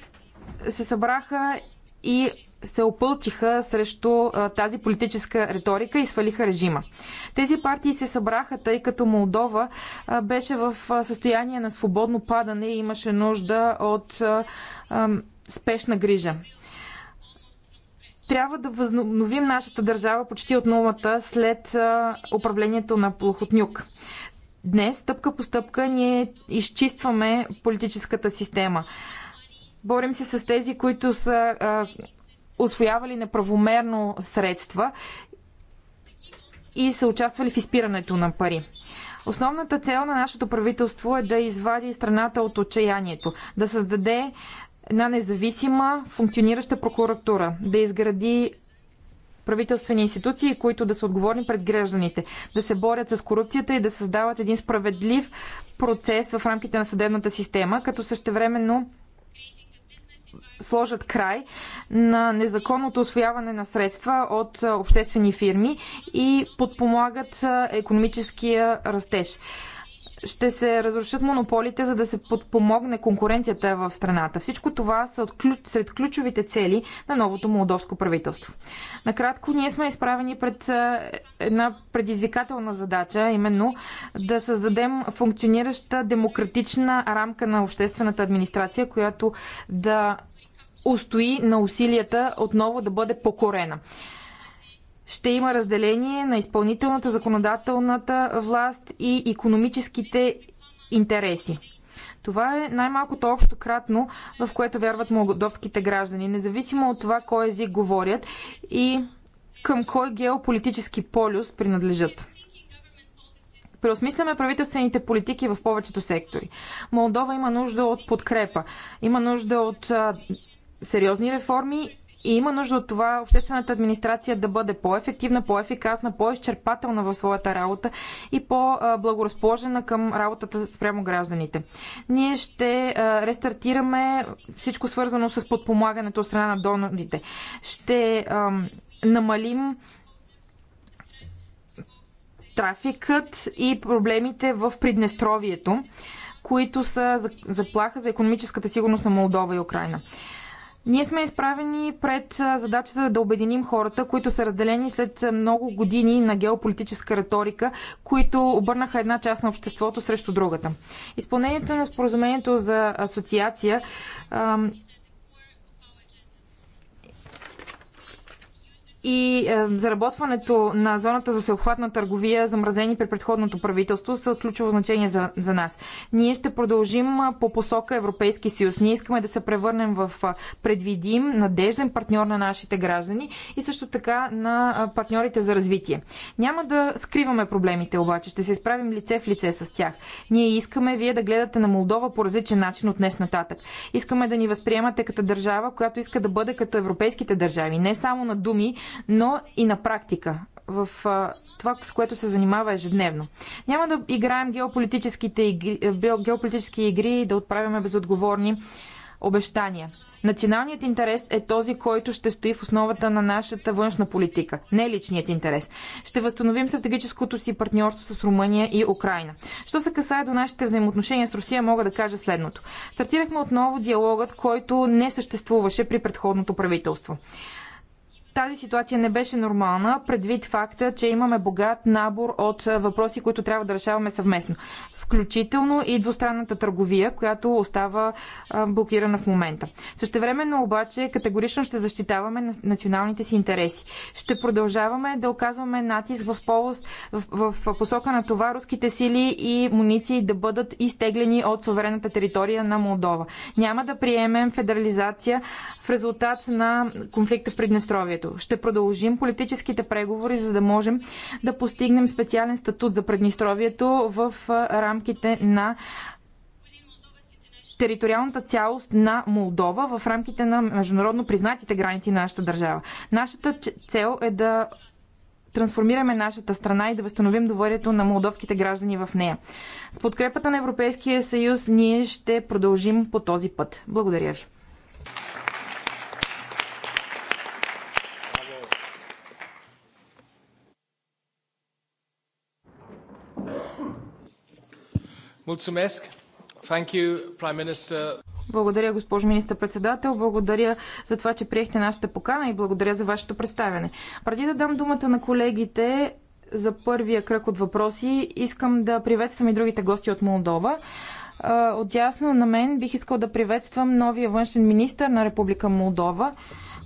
се събраха и се опълчиха срещу а, тази политическа риторика и свалиха режима. Тези партии се събраха, тъй като Молдова а, беше в а, състояние на свободно падане и имаше нужда от а, а, спешна грижа. Трябва да възновим нашата държава почти от нулата след а, управлението на Плохотнюк. Днес, стъпка по стъпка, ние изчистваме политическата система. Борим се с тези, които са а, освоявали неправомерно средства и са участвали в изпирането на пари. Основната цел на нашето правителство е да извади страната от отчаянието, да създаде една независима, функционираща прокуратура, да изгради правителствени институции, които да са отговорни пред гражданите, да се борят с корупцията и да създават един справедлив процес в рамките на съдебната система, като същевременно сложат край на незаконното освояване на средства от обществени фирми и подпомагат економическия растеж ще се разрушат монополите, за да се подпомогне конкуренцията в страната. Всичко това са сред ключовите цели на новото молдовско правителство. Накратко, ние сме изправени пред една предизвикателна задача, именно да създадем функционираща демократична рамка на обществената администрация, която да устои на усилията отново да бъде покорена. Ще има разделение на изпълнителната, законодателната власт и економическите интереси. Това е най-малкото общо кратно, в което вярват молдовските граждани, независимо от това кой език говорят и към кой геополитически полюс принадлежат. Преосмисляме правителствените политики в повечето сектори. Молдова има нужда от подкрепа, има нужда от сериозни реформи и има нужда от това обществената администрация да бъде по-ефективна, по-ефикасна, по-изчерпателна в своята работа и по-благоразположена към работата спрямо гражданите. Ние ще рестартираме всичко свързано с подпомагането от страна на донорите. Ще намалим трафикът и проблемите в Приднестровието, които са заплаха за економическата сигурност на Молдова и Украина. Ние сме изправени пред задачата да обединим хората, които са разделени след много години на геополитическа риторика, които обърнаха една част на обществото срещу другата. Изпълнението на споразумението за асоциация и заработването на зоната за всеобхватна търговия, замразени при предходното правителство, са от ключово значение за, за нас. Ние ще продължим по посока Европейски съюз. Ние искаме да се превърнем в предвидим, надежден партньор на нашите граждани и също така на партньорите за развитие. Няма да скриваме проблемите, обаче ще се изправим лице в лице с тях. Ние искаме вие да гледате на Молдова по различен начин от днес нататък. Искаме да ни възприемате като държава, която иска да бъде като европейските държави. Не само на думи, но и на практика в това, с което се занимава ежедневно. Няма да играем геополитическите игри, е, геополитически игри и да отправяме безотговорни обещания. Националният интерес е този, който ще стои в основата на нашата външна политика, не личният интерес. Ще възстановим стратегическото си партньорство с Румъния и Украина. Що се касае до нашите взаимоотношения с Русия, мога да кажа следното. Стартирахме отново диалогът, който не съществуваше при предходното правителство. Тази ситуация не беше нормална, предвид факта, че имаме богат набор от въпроси, които трябва да решаваме съвместно. Включително и двустранната търговия, която остава блокирана в момента. Същевременно обаче категорично ще защитаваме националните си интереси. Ще продължаваме да оказваме натиск в, полост, в, в посока на това руските сили и муниции да бъдат изтеглени от суверенната територия на Молдова. Няма да приемем федерализация в резултат на конфликта в Приднестровието развитието. Ще продължим политическите преговори, за да можем да постигнем специален статут за Преднестровието в рамките на териториалната цялост на Молдова в рамките на международно признатите граници на нашата държава. Нашата цел е да трансформираме нашата страна и да възстановим доверието на молдовските граждани в нея. С подкрепата на Европейския съюз ние ще продължим по този път. Благодаря ви. Благодаря, госпожо министър-председател. Благодаря за това, че приехте нашата покана и благодаря за вашето представяне. Преди да дам думата на колегите за първия кръг от въпроси, искам да приветствам и другите гости от Молдова. Отясно на мен бих искал да приветствам новия външен министр на Република Молдова,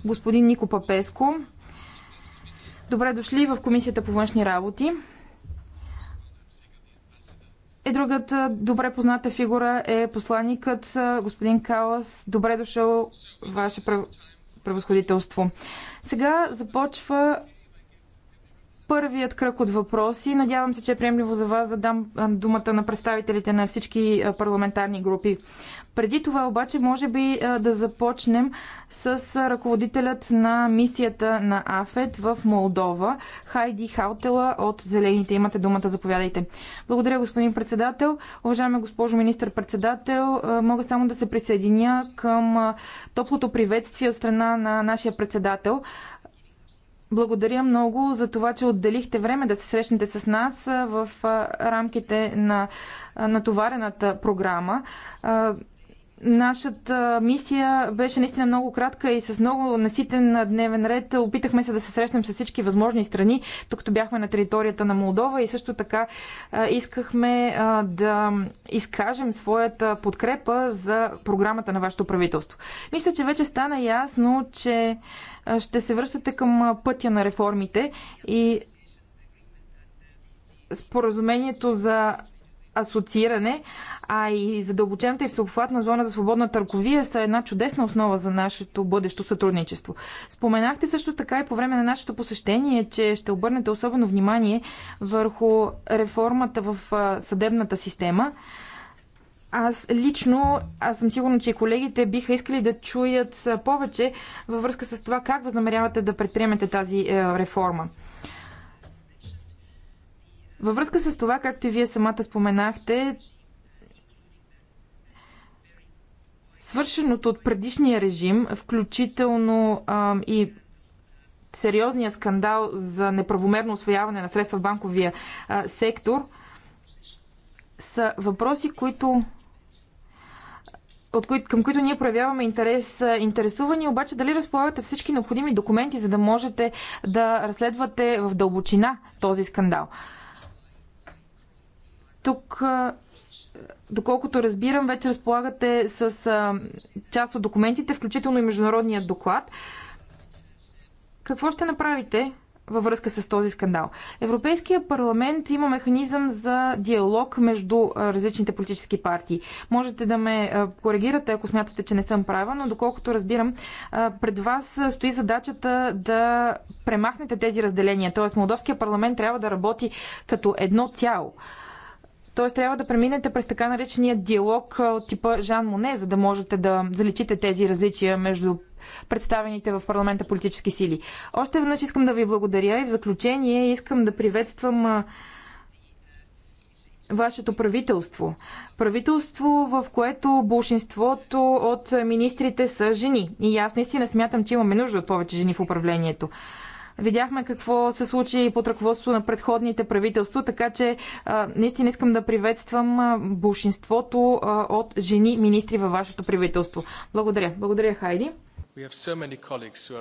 господин Нико Папеско. Добре дошли в Комисията по външни работи. Е другата добре позната фигура е посланникът господин Калас. Добре дошъл, ваше превъзходителство. Сега започва първият кръг от въпроси. Надявам се, че е приемливо за вас да дам думата на представителите на всички парламентарни групи. Преди това обаче, може би да започнем с ръководителят на мисията на АФЕД в Молдова, Хайди Хаутела от Зелените. Имате думата, заповядайте. Благодаря, господин председател. Уважаема госпожо министр-председател, мога само да се присъединя към топлото приветствие от страна на нашия председател. Благодаря много за това, че отделихте време да се срещнете с нас в рамките на натоварената програма. Нашата мисия беше наистина много кратка и с много наситен дневен ред. Опитахме се да се срещнем с всички възможни страни, докато бяхме на територията на Молдова и също така искахме да изкажем своята подкрепа за програмата на вашето правителство. Мисля, че вече стана ясно, че ще се връщате към пътя на реформите и споразумението за асоцииране, а и задълбочената и всеобхватна зона за свободна търговия са една чудесна основа за нашето бъдещо сътрудничество. Споменахте също така и по време на нашето посещение, че ще обърнете особено внимание върху реформата в съдебната система. Аз лично, аз съм сигурна, че и колегите биха искали да чуят повече във връзка с това как възнамерявате да предприемете тази реформа. Във връзка с това, както и вие самата споменахте, свършеното от предишния режим, включително а, и сериозния скандал за неправомерно освояване на средства в банковия а, сектор, са въпроси, които от кои, към които ние проявяваме интерес. Интересувани обаче дали разполагате всички необходими документи, за да можете да разследвате в дълбочина този скандал. Тук, доколкото разбирам, вече разполагате с част от документите, включително и международният доклад. Какво ще направите във връзка с този скандал. Европейския парламент има механизъм за диалог между различните политически партии. Можете да ме коригирате, ако смятате, че не съм права, но доколкото разбирам, пред вас стои задачата да премахнете тези разделения. Тоест, Молдовския парламент трябва да работи като едно цяло. Тоест трябва да преминете през така наречения диалог от типа Жан Моне, за да можете да заличите тези различия между представените в парламента политически сили. Още веднъж искам да ви благодаря и в заключение искам да приветствам вашето правителство. Правителство, в което большинството от министрите са жени. И аз наистина смятам, че имаме нужда от повече жени в управлението. Видяхме какво се случи и под ръководството на предходните правителства, така че наистина искам да приветствам большинството от жени министри във вашето правителство. Благодаря. Благодаря, Хайди. So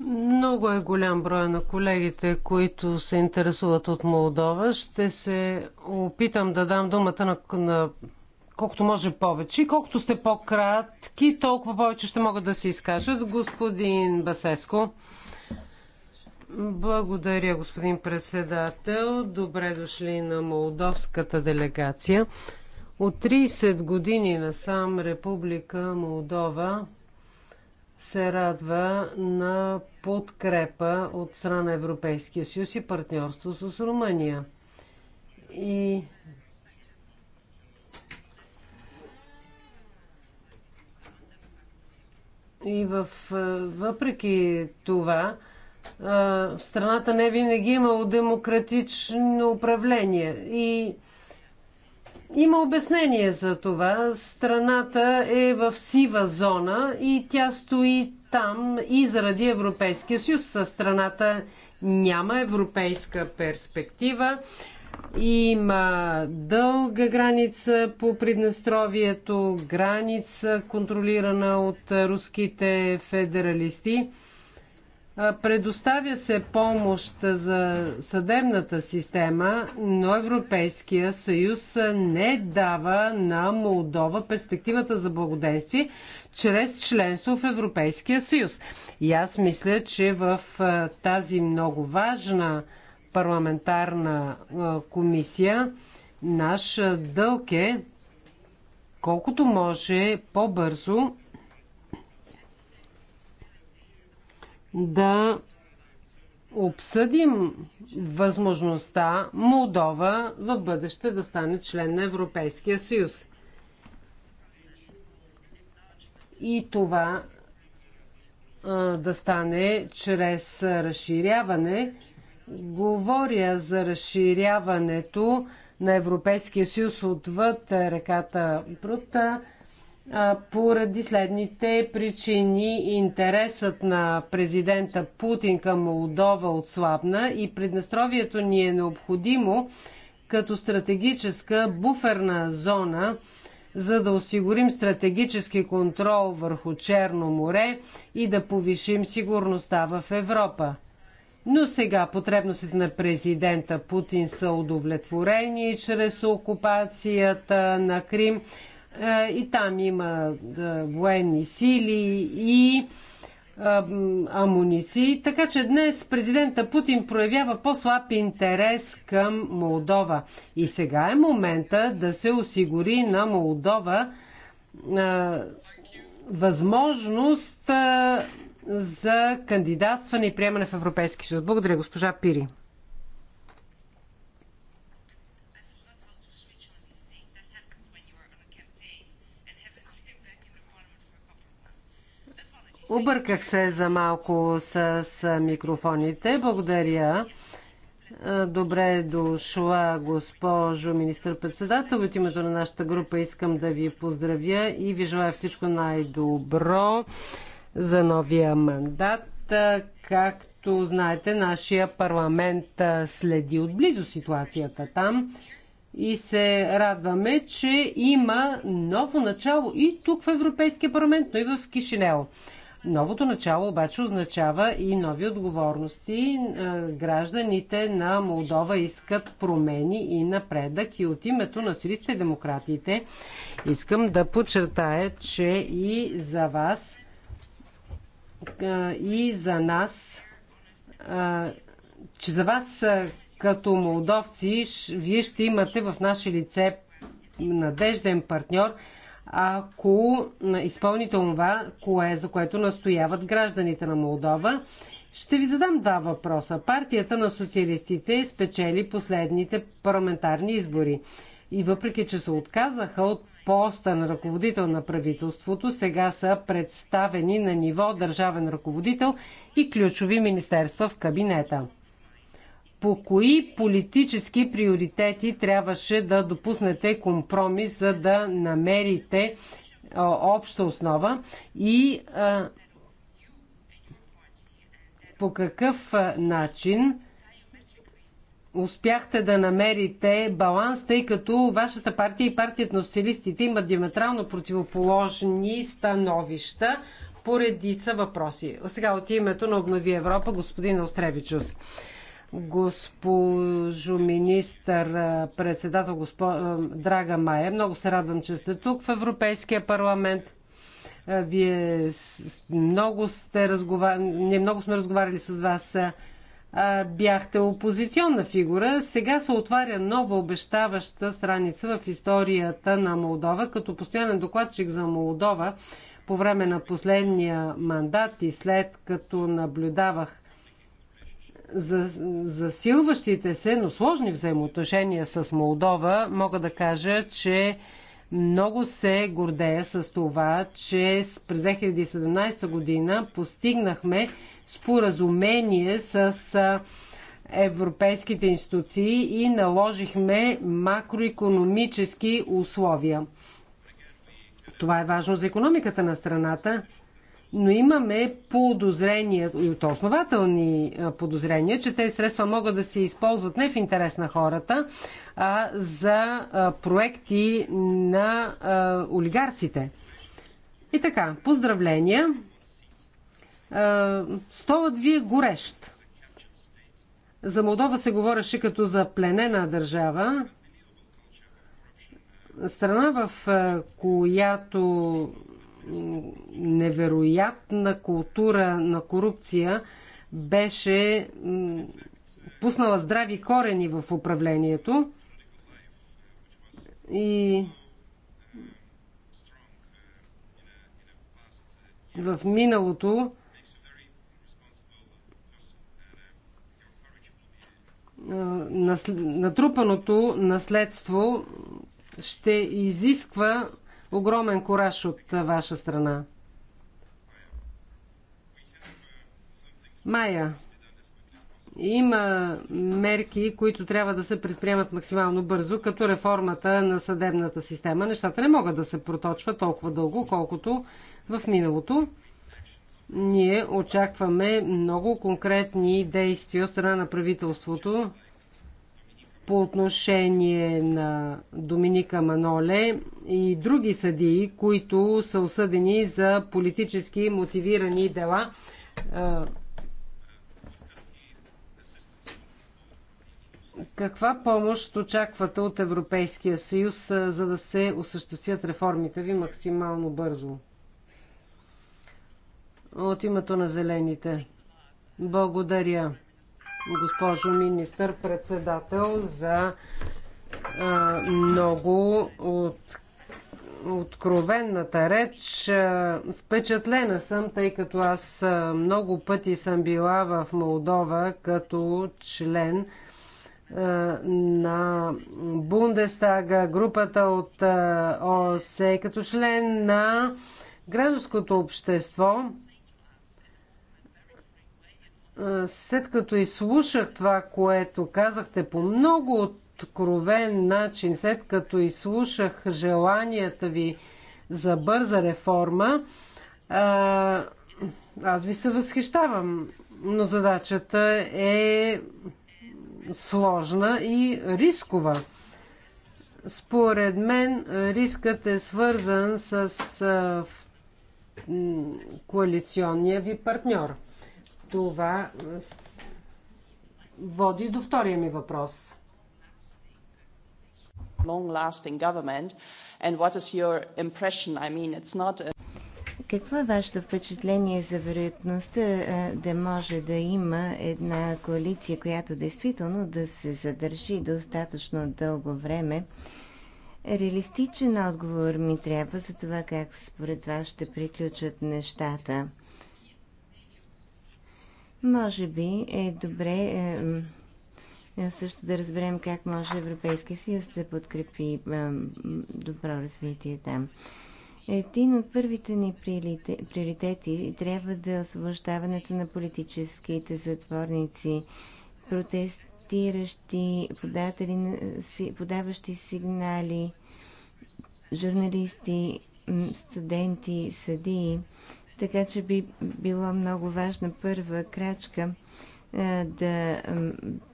Много е голям брой на колегите, които се интересуват от Молдова. Ще се опитам да дам думата на, на колкото може повече. И колкото сте по-кратки, толкова повече ще могат да се изкажат. Господин Басеско. Благодаря, господин председател. Добре дошли на молдовската делегация. От 30 години насам Република Молдова се радва на подкрепа от страна Европейския съюз и партньорство с Румъния. И И в, въпреки това, в страната не винаги е имало демократично управление. И има обяснение за това. Страната е в сива зона и тя стои там и заради Европейския съюз. Страната няма европейска перспектива. Има дълга граница по Приднестровието, граница контролирана от руските федералисти. Предоставя се помощ за съдебната система, но Европейския съюз не дава на Молдова перспективата за благоденствие чрез членство в Европейския съюз. И аз мисля, че в тази много важна парламентарна комисия, наш дълг е колкото може по-бързо да обсъдим възможността Молдова в бъдеще да стане член на Европейския съюз. И това а, да стане чрез разширяване Говоря за разширяването на Европейския съюз отвъд реката Прута поради следните причини. Интересът на президента Путин към Молдова отслабна и преднастровието ни е необходимо като стратегическа буферна зона, за да осигурим стратегически контрол върху Черно море и да повишим сигурността в Европа. Но сега потребностите на президента Путин са удовлетворени чрез окупацията на Крим. Е, и там има е, военни сили и е, амуниции. Така че днес президента Путин проявява по-слаб интерес към Молдова. И сега е момента да се осигури на Молдова възможност за кандидатстване и приемане в Европейски съюз. Благодаря, госпожа Пири. Обърках се за малко с, с микрофоните. Благодаря. Добре дошла, госпожо министър-председател. От името на нашата група искам да ви поздравя и ви желая всичко най-добро за новия мандат. Както знаете, нашия парламент следи отблизо ситуацията там и се радваме, че има ново начало и тук в Европейския парламент, но и в Кишинео. Новото начало обаче означава и нови отговорности. Гражданите на Молдова искат промени и напредък и от името на сирийските демократите искам да подчертая, че и за вас и за нас, че за вас като молдовци, вие ще имате в наше лице надежден партньор, ако изпълните това, кое, за което настояват гражданите на Молдова. Ще ви задам два въпроса. Партията на социалистите спечели последните парламентарни избори. И въпреки, че се отказаха от поста на ръководител на правителството сега са представени на ниво държавен ръководител и ключови министерства в кабинета. По кои политически приоритети трябваше да допуснете компромис, за да намерите а, обща основа и а, по какъв начин успяхте да намерите баланс, тъй като вашата партия и партията на социалистите имат диаметрално противоположни становища по редица въпроси. Сега от името на Обнови Европа, господин Остребичус. Госпожо министър, председател, госпо... драга Майя, много се радвам, че сте тук в Европейския парламент. Вие много сте разговар... Ние много сме разговаряли с вас бяхте опозиционна фигура. Сега се отваря нова обещаваща страница в историята на Молдова. Като постоянен докладчик за Молдова по време на последния мандат и след като наблюдавах за, засилващите се, но сложни взаимоотношения с Молдова, мога да кажа, че много се гордея с това, че през 2017 година постигнахме споразумение с европейските институции и наложихме макроекономически условия. Това е важно за економиката на страната но имаме подозрения и от основателни подозрения, че тези средства могат да се използват не в интерес на хората, а за проекти на олигарсите. И така, поздравления. Столът ви е горещ. За Молдова се говореше като за пленена държава, страна в която невероятна култура на корупция беше пуснала здрави корени в управлението и в миналото натрупаното наследство ще изисква Огромен кораж от ваша страна. Майя. има мерки, които трябва да се предприемат максимално бързо, като реформата на съдебната система. Нещата не могат да се проточват толкова дълго, колкото в миналото. Ние очакваме много конкретни действия от страна на правителството по отношение на Доминика Маноле и други съдии, които са осъдени за политически мотивирани дела. Каква помощ очаквате от Европейския съюз, за да се осъществят реформите ви максимално бързо? От името на зелените. Благодаря госпожо министър-председател, за а, много от откровенната реч. Впечатлена съм, тъй като аз много пъти съм била в Молдова като член на Бундестага, групата от ОСЕ, като член на гражданското общество след като изслушах това, което казахте по много откровен начин, след като изслушах желанията ви за бърза реформа, а, аз ви се възхищавам. Но задачата е сложна и рискова. Според мен рискът е свързан с коалиционния ви партньор – това води до втория ми въпрос. Какво е вашето впечатление за вероятността е, да може да има една коалиция, която действително да се задържи достатъчно дълго време? Реалистичен отговор ми трябва за това как според вас ще приключат нещата. Може би е добре е, е, също да разберем как може Европейския съюз да подкрепи е, добро развитие там. Един от първите ни приоритети трябва да е освобождаването на политическите затворници, протестиращи, податели, подаващи сигнали, журналисти, студенти, съдии. Така че би било много важна първа крачка е, да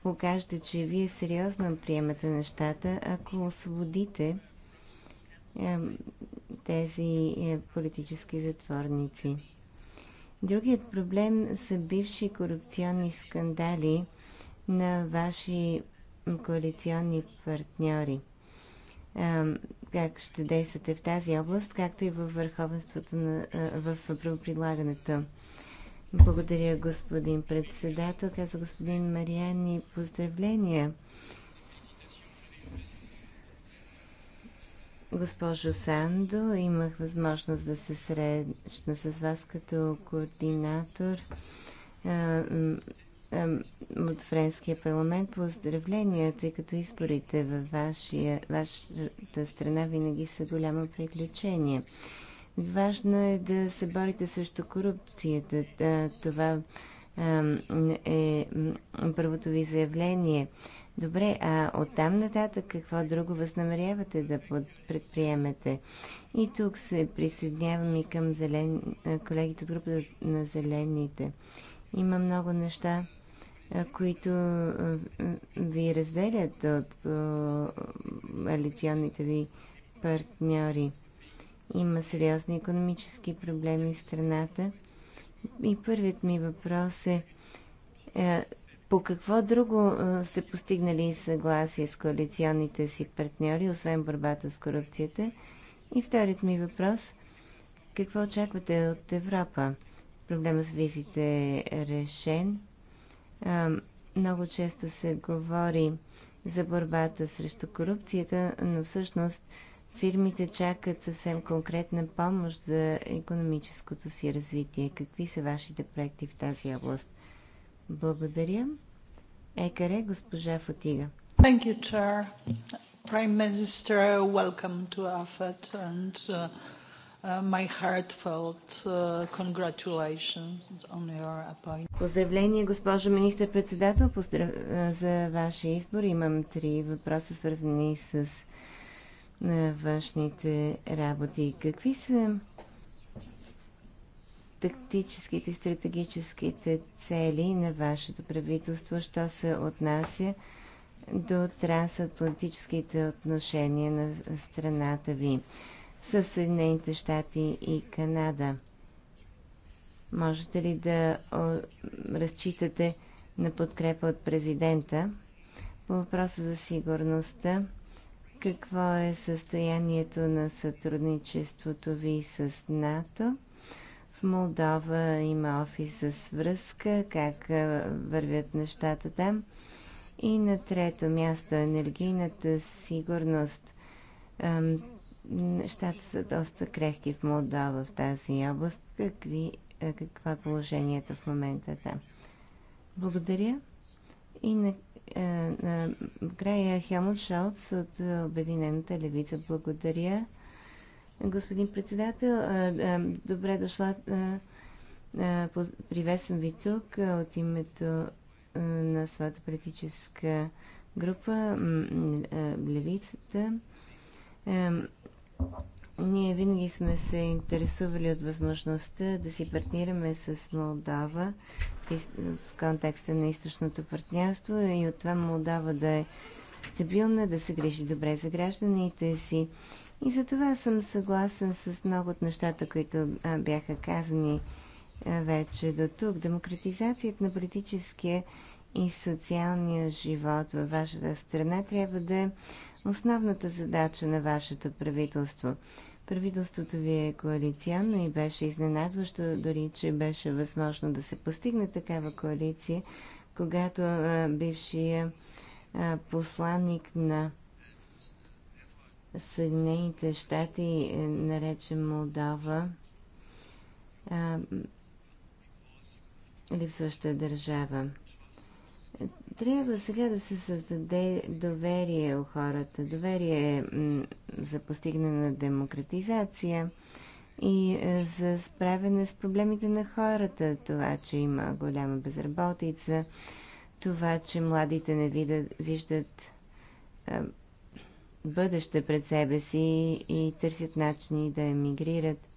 покажете, че вие сериозно приемате нещата, ако освободите е, тези е, политически затворници. Другият проблем са бивши корупционни скандали на ваши коалиционни партньори – как ще действате в тази област, както и във върховенството на, в правоприлагането. Благодаря, господин председател. Каза господин и поздравления. Госпожо Сандо, имах възможност да се срещна с вас като координатор от Френския парламент. Поздравления, тъй като изборите във вашия, вашата страна винаги са голямо приключение. Важно е да се борите срещу корупцията. Това е първото ви заявление. Добре, а от там нататък какво друго възнамерявате да предприемете? И тук се присъединявам и към зелен... колегите от групата на зелените. Има много неща, които ви разделят от коалиционните ви партньори. Има сериозни економически проблеми в страната. И първият ми въпрос е, е по какво друго сте постигнали съгласие с коалиционните си партньори, освен борбата с корупцията? И вторият ми въпрос – какво очаквате от Европа? Проблема с визите е решен. Много често се говори за борбата срещу корупцията, но всъщност фирмите чакат съвсем конкретна помощ за економическото си развитие. Какви са вашите проекти в тази област? Благодаря. Екаре, госпожа Фотига. Thank you, Chair. Prime Minister, welcome to AFET and uh, Uh, my heartfelt uh, congratulations on your appointment. Поздравление, госпожо министър-председател, uh, за вашия избор. Имам три въпроса, свързани с външните работи. Какви са тактическите и стратегическите цели на вашето правителство, що се отнася до трансатлантическите отношения на страната ви? с Съединените щати и Канада. Можете ли да разчитате на подкрепа от президента по въпроса за сигурността? Какво е състоянието на сътрудничеството ви с НАТО? В Молдова има офис с връзка, как вървят нещата там. И на трето място енергийната сигурност – Нещата са доста крехки в Молдова в тази област. Какви, каква е положението в момента там? Благодаря. И на, на края Хелмут Шолц от Обединената левица. Благодаря. Господин председател, добре дошла. Приветствам ви тук от името на своята политическа група Левицата. Ние винаги сме се интересували от възможността да си партнираме с Молдова в контекста на източното партньорство и от това Молдава да е стабилна, да се грижи добре за гражданите си. И за това съм съгласен с много от нещата, които бяха казани вече до тук. Демократизацията на политическия и социалния живот във вашата страна трябва да е основната задача на вашето правителство. Правителството ви е коалиционно и беше изненадващо, дори че беше възможно да се постигне такава коалиция, когато а, бившия а, посланник на Съединените щати, е, наречен Молдова, а, липсваща държава. Трябва сега да се създаде доверие у хората, доверие за постигане на демократизация и е, за справяне с проблемите на хората. Това, че има голяма безработица, това, че младите не видят, виждат е, бъдеще пред себе си и търсят начини да емигрират.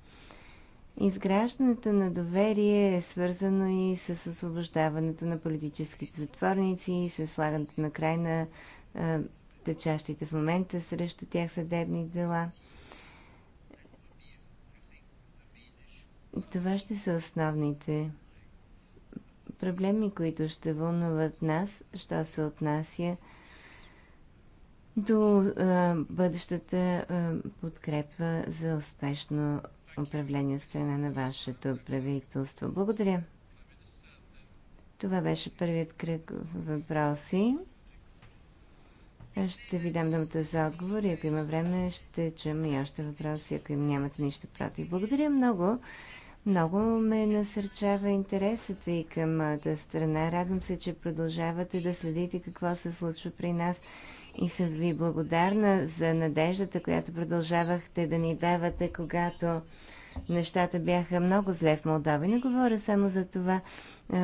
Изграждането на доверие е свързано и с освобождаването на политическите затворници и с слагането на край на е, течащите в момента срещу тях съдебни дела. Това ще са основните проблеми, които ще вълнуват нас, що се отнася до е, бъдещата е, подкрепа за успешно управление от страна на вашето правителство. Благодаря. Това беше първият кръг въпроси. Ще ви дам думата за отговор и ако има време, ще чуем и още въпроси, ако им нямате нищо против. Благодаря много. Много ме насърчава интересът ви към моята страна. Радвам се, че продължавате да следите какво се случва при нас и съм ви благодарна за надеждата, която продължавахте да ни давате, когато нещата бяха много зле в Молдова. Не говоря само за това,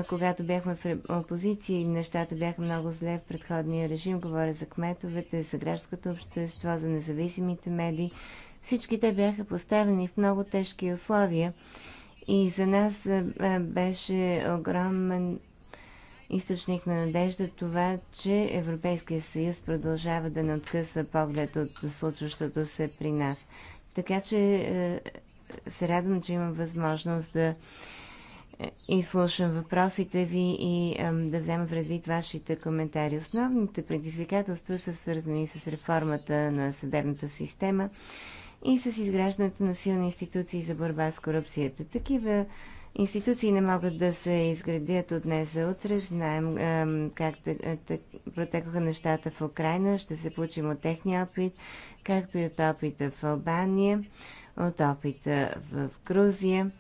когато бяхме в опозиция и нещата бяха много зле в предходния режим. Говоря за кметовете, за гражданското общество, за независимите медии. Всички те бяха поставени в много тежки условия. И за нас беше огромен източник на надежда е това, че Европейския съюз продължава да не откъсва поглед от случващото се при нас. Така че е, се радвам, че имам възможност да е, изслушам въпросите ви и да взема предвид вашите коментари. Основните предизвикателства са свързани с реформата на съдебната система и с изграждането на силни институции за борба с корупцията. Такива Институции не могат да се изградят от днес за утре. Знаем как протекоха нещата в Украина. Ще се получим от техния опит, както и от опита в Албания, от опита в Грузия.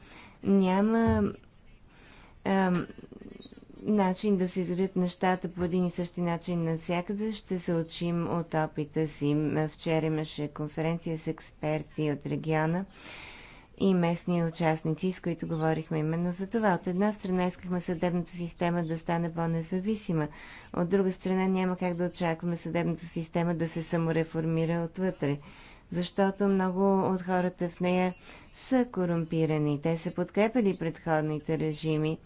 Няма начин да се изградят нещата по един и същи начин навсякъде. Ще се учим от опита си. Вчера имаше конференция с експерти от региона и местни участници, с които говорихме именно за това. От една страна искахме съдебната система да стане по-независима, от друга страна няма как да очакваме съдебната система да се самореформира отвътре, защото много от хората в нея са корумпирани. Те са подкрепили предходните режими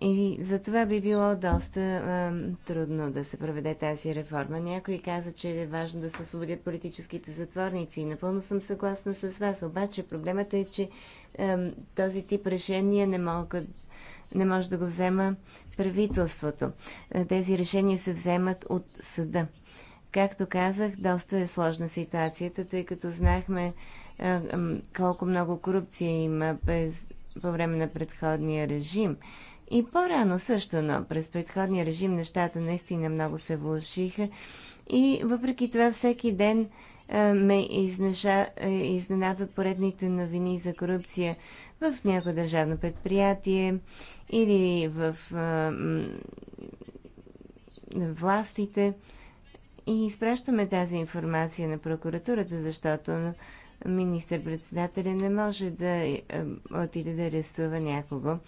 и за това би било доста а, трудно да се проведе тази реформа. Някой каза, че е важно да се освободят политическите затворници. Напълно съм съгласна с вас. Обаче проблемът е, че а, този тип решения не могат не може да го взема правителството. Е, тези решения се вземат от съда. Както казах, доста е сложна ситуацията, тъй като знахме е, колко много корупция има по време на предходния режим. И по-рано също, но през предходния режим нещата наистина много се влушиха. И въпреки това всеки ден ме изнеша, е, изненадват поредните новини за корупция в някое държавно предприятие или в а, властите. И изпращаме тази информация на прокуратурата, защото министър-председателя не може да е, е, отиде да арестува някого.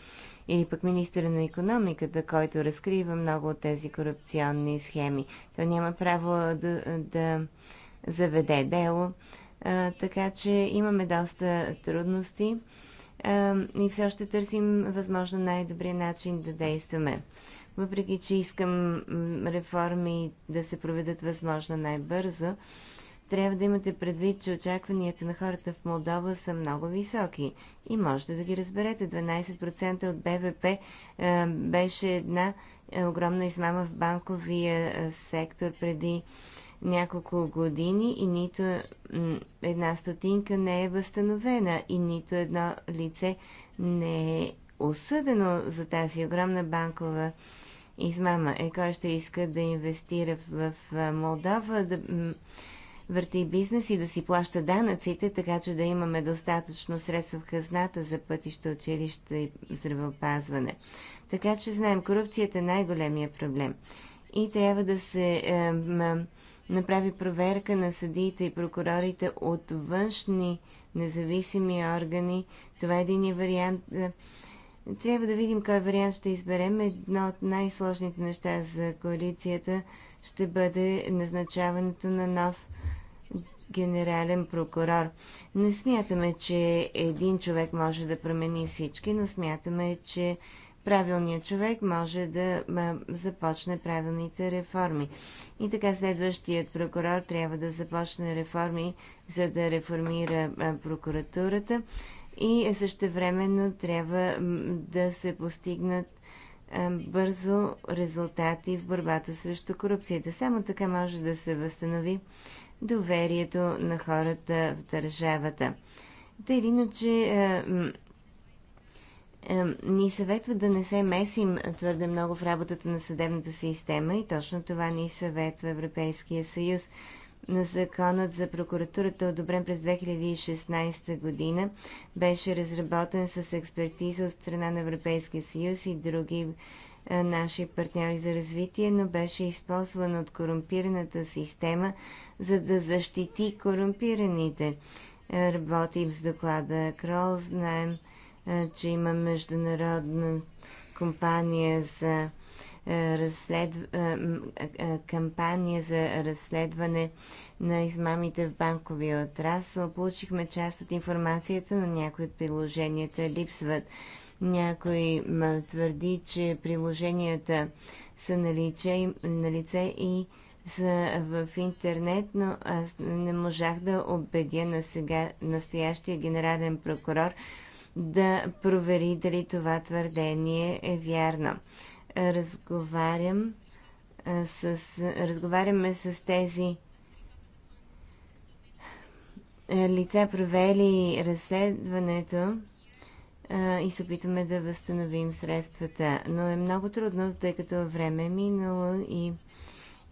Или пък министъра на економиката, който разкрива много от тези корупционни схеми. Той няма право да, да заведе дело. А, така че имаме доста трудности а, и все още търсим възможно най-добрия начин да действаме. Въпреки, че искам реформи да се проведат възможно най-бързо, трябва да имате предвид, че очакванията на хората в Молдова са много високи и можете да ги разберете. 12% от БВП е, беше една е, огромна измама в банковия е, сектор преди няколко години и нито една стотинка не е възстановена и нито едно лице не е осъдено за тази огромна банкова измама. Е, кой ще иска да инвестира в Молдова, да върти бизнес и да си плаща данъците, така че да имаме достатъчно средства в хазната за пътища, училища и здравеопазване. Така че знаем, корупцията е най-големия проблем. И трябва да се е, направи проверка на съдиите и прокурорите от външни независими органи. Това е един вариант. Трябва да видим кой вариант ще изберем. Едно от най-сложните неща за коалицията ще бъде назначаването на нов генерален прокурор. Не смятаме, че един човек може да промени всички, но смятаме, че правилният човек може да започне правилните реформи. И така следващият прокурор трябва да започне реформи, за да реформира прокуратурата и същевременно трябва да се постигнат бързо резултати в борбата срещу корупцията. Само така може да се възстанови доверието на хората в държавата. Та или иначе е, е, ни съветват да не се месим твърде много в работата на съдебната система и точно това ни съветва Европейския съюз. На законът за прокуратурата, одобрен през 2016 година, беше разработен с експертиза от страна на Европейския съюз и други наши партньори за развитие, но беше използван от корумпираната система, за да защити корумпираните. Работим с доклада Крол, знаем, че има международна компания за разследв... кампания за разследване на измамите в банковия отрасъл. Получихме част от информацията, но някои от приложенията липсват. Някой ме твърди, че приложенията са на лице и са в интернет, но аз не можах да убедя на сега, настоящия генерален прокурор да провери дали това твърдение е вярно. Разговарям с, разговаряме с тези лица, провели разследването и се опитваме да възстановим средствата. Но е много трудно, тъй като е време е минало и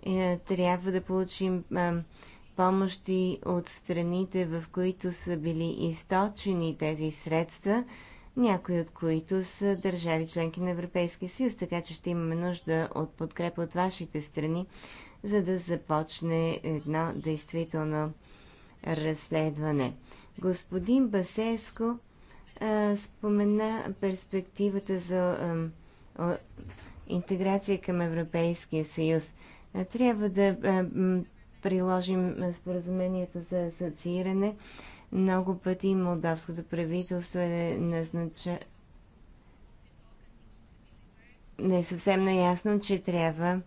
е, трябва да получим а, помощи от страните, в които са били източени тези средства, някои от които са държави членки на Европейския съюз, така че ще имаме нужда от подкрепа от вашите страни, за да започне едно действително разследване. Господин Басеско спомена перспективата за интеграция към Европейския съюз. Трябва да приложим споразумението за асоцииране. Много пъти молдавското правителство е назнача... Не е съвсем наясно, че трябва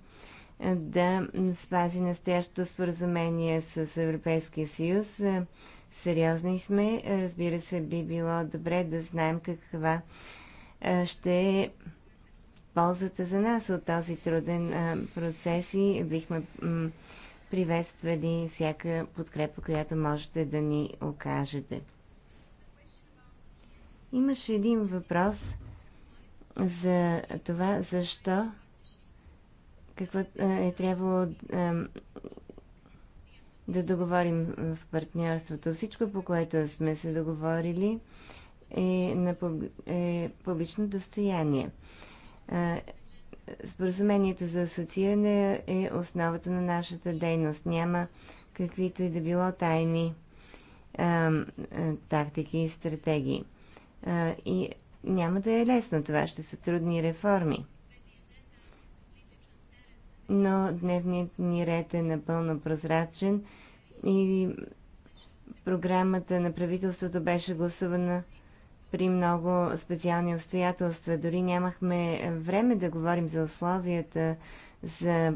да спази настоящото споразумение с Европейския съюз сериозни сме. Разбира се, би било добре да знаем каква ще е ползата за нас от този труден процес и бихме приветствали всяка подкрепа, която можете да ни окажете. Имаше един въпрос за това защо какво е трябвало да договорим в партньорството. Всичко, по което сме се договорили, е, на е публично достояние. Споразумението за асоцииране е основата на нашата дейност. Няма каквито и да било тайни а, тактики и стратегии. А, и няма да е лесно. Това ще са трудни реформи но дневният ни ред е напълно прозрачен и програмата на правителството беше гласувана при много специални обстоятелства. Дори нямахме време да говорим за условията, за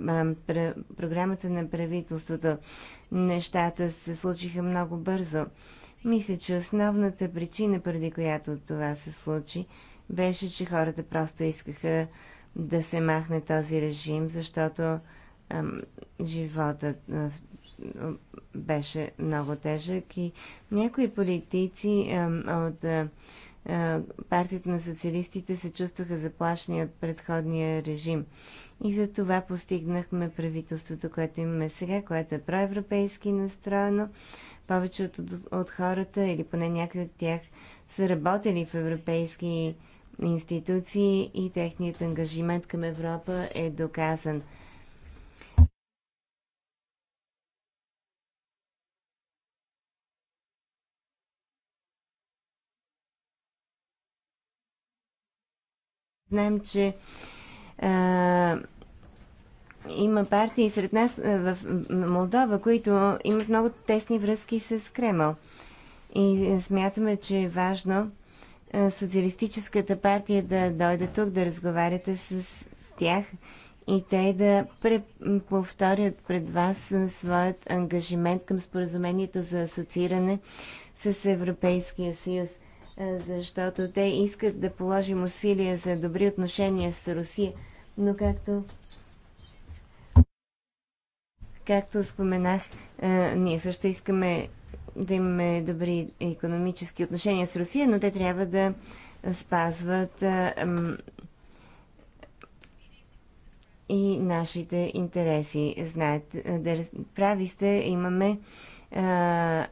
програмата на правителството. Нещата се случиха много бързо. Мисля, че основната причина, преди която това се случи, беше, че хората просто искаха да се махне този режим, защото животът беше много тежък и някои политици от партията на социалистите се чувстваха заплашени от предходния режим. И за това постигнахме правителството, което имаме сега, което е проевропейски настроено. Повечето от хората, или поне някои от тях, са работили в европейски институции и техният ангажимент към Европа е доказан. Знаем, че а, има партии сред нас в Молдова, които имат много тесни връзки с Кремъл. И смятаме, че е важно е, социалистическата партия да дойде тук, да разговаряте с тях и те да повторят пред вас своят ангажимент към споразумението за асоцииране с Европейския съюз, е, защото те искат да положим усилия за добри отношения с Русия, но както както споменах, е, ние също искаме да имаме добри економически отношения с Русия, но те трябва да спазват и нашите интереси. Знаете, да прави сте, имаме а,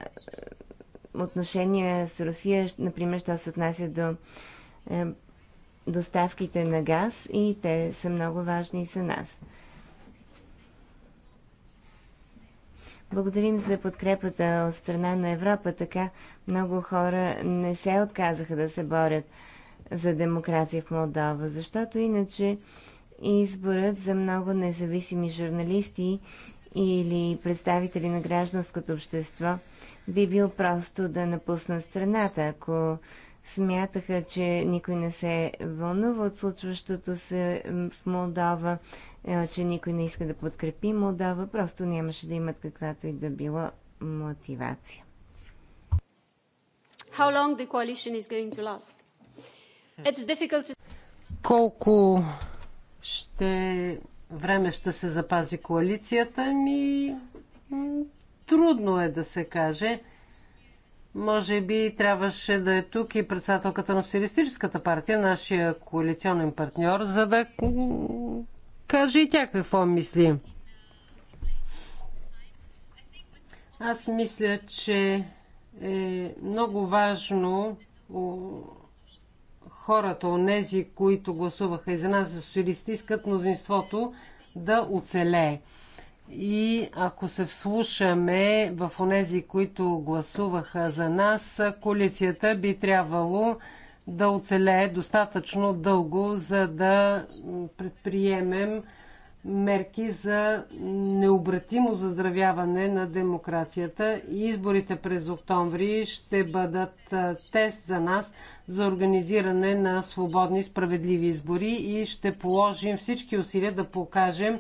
отношения с Русия, например, що се отнася до а, доставките на газ и те са много важни за нас. Благодарим за подкрепата от страна на Европа. Така много хора не се отказаха да се борят за демокрация в Молдова, защото иначе изборът за много независими журналисти или представители на гражданското общество би бил просто да напуснат страната, ако смятаха, че никой не се вълнува от случващото се в Молдова, е, че никой не иска да подкрепи Молдава, просто нямаше да имат каквато и да била мотивация. How long the coalition is going to last? It's difficult to... Колко ще време ще се запази коалицията ми? Трудно е да се каже. Може би трябваше да е тук и председателката на Социалистическата партия, нашия коалиционен партньор, за да Кажи и тя какво мисли. Аз мисля, че е много важно хората, онези, които гласуваха и за нас за социалисти, искат мнозинството да оцелее. И ако се вслушаме в онези, които гласуваха за нас, коалицията би трябвало да оцелее достатъчно дълго, за да предприемем мерки за необратимо заздравяване на демокрацията. Изборите през октомври ще бъдат тест за нас за организиране на свободни, справедливи избори и ще положим всички усилия да покажем,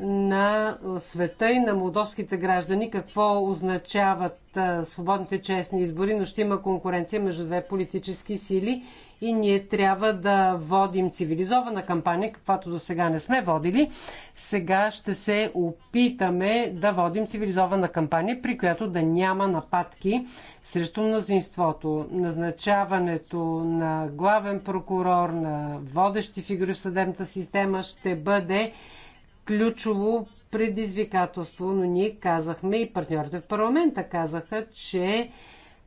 на света и на молдовските граждани какво означават свободните честни избори, но ще има конкуренция между две политически сили и ние трябва да водим цивилизована кампания, каквато до сега не сме водили. Сега ще се опитаме да водим цивилизована кампания, при която да няма нападки срещу мнозинството. Назначаването на главен прокурор, на водещи фигури в съдебната система ще бъде ключово предизвикателство, но ние казахме и партньорите в парламента казаха, че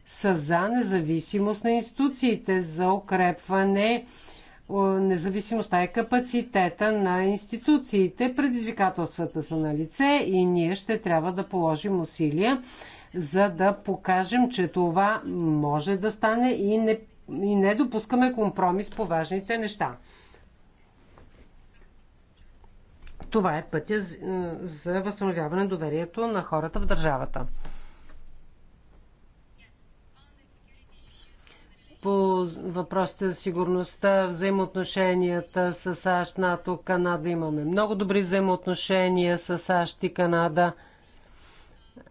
са за независимост на институциите, за укрепване независимостта и капацитета на институциите. Предизвикателствата са на лице и ние ще трябва да положим усилия, за да покажем, че това може да стане и не, и не допускаме компромис по важните неща. Това е пътя за възстановяване на доверието на хората в държавата. по въпросите за сигурността, взаимоотношенията с САЩ, НАТО, Канада. Имаме много добри взаимоотношения с САЩ и Канада.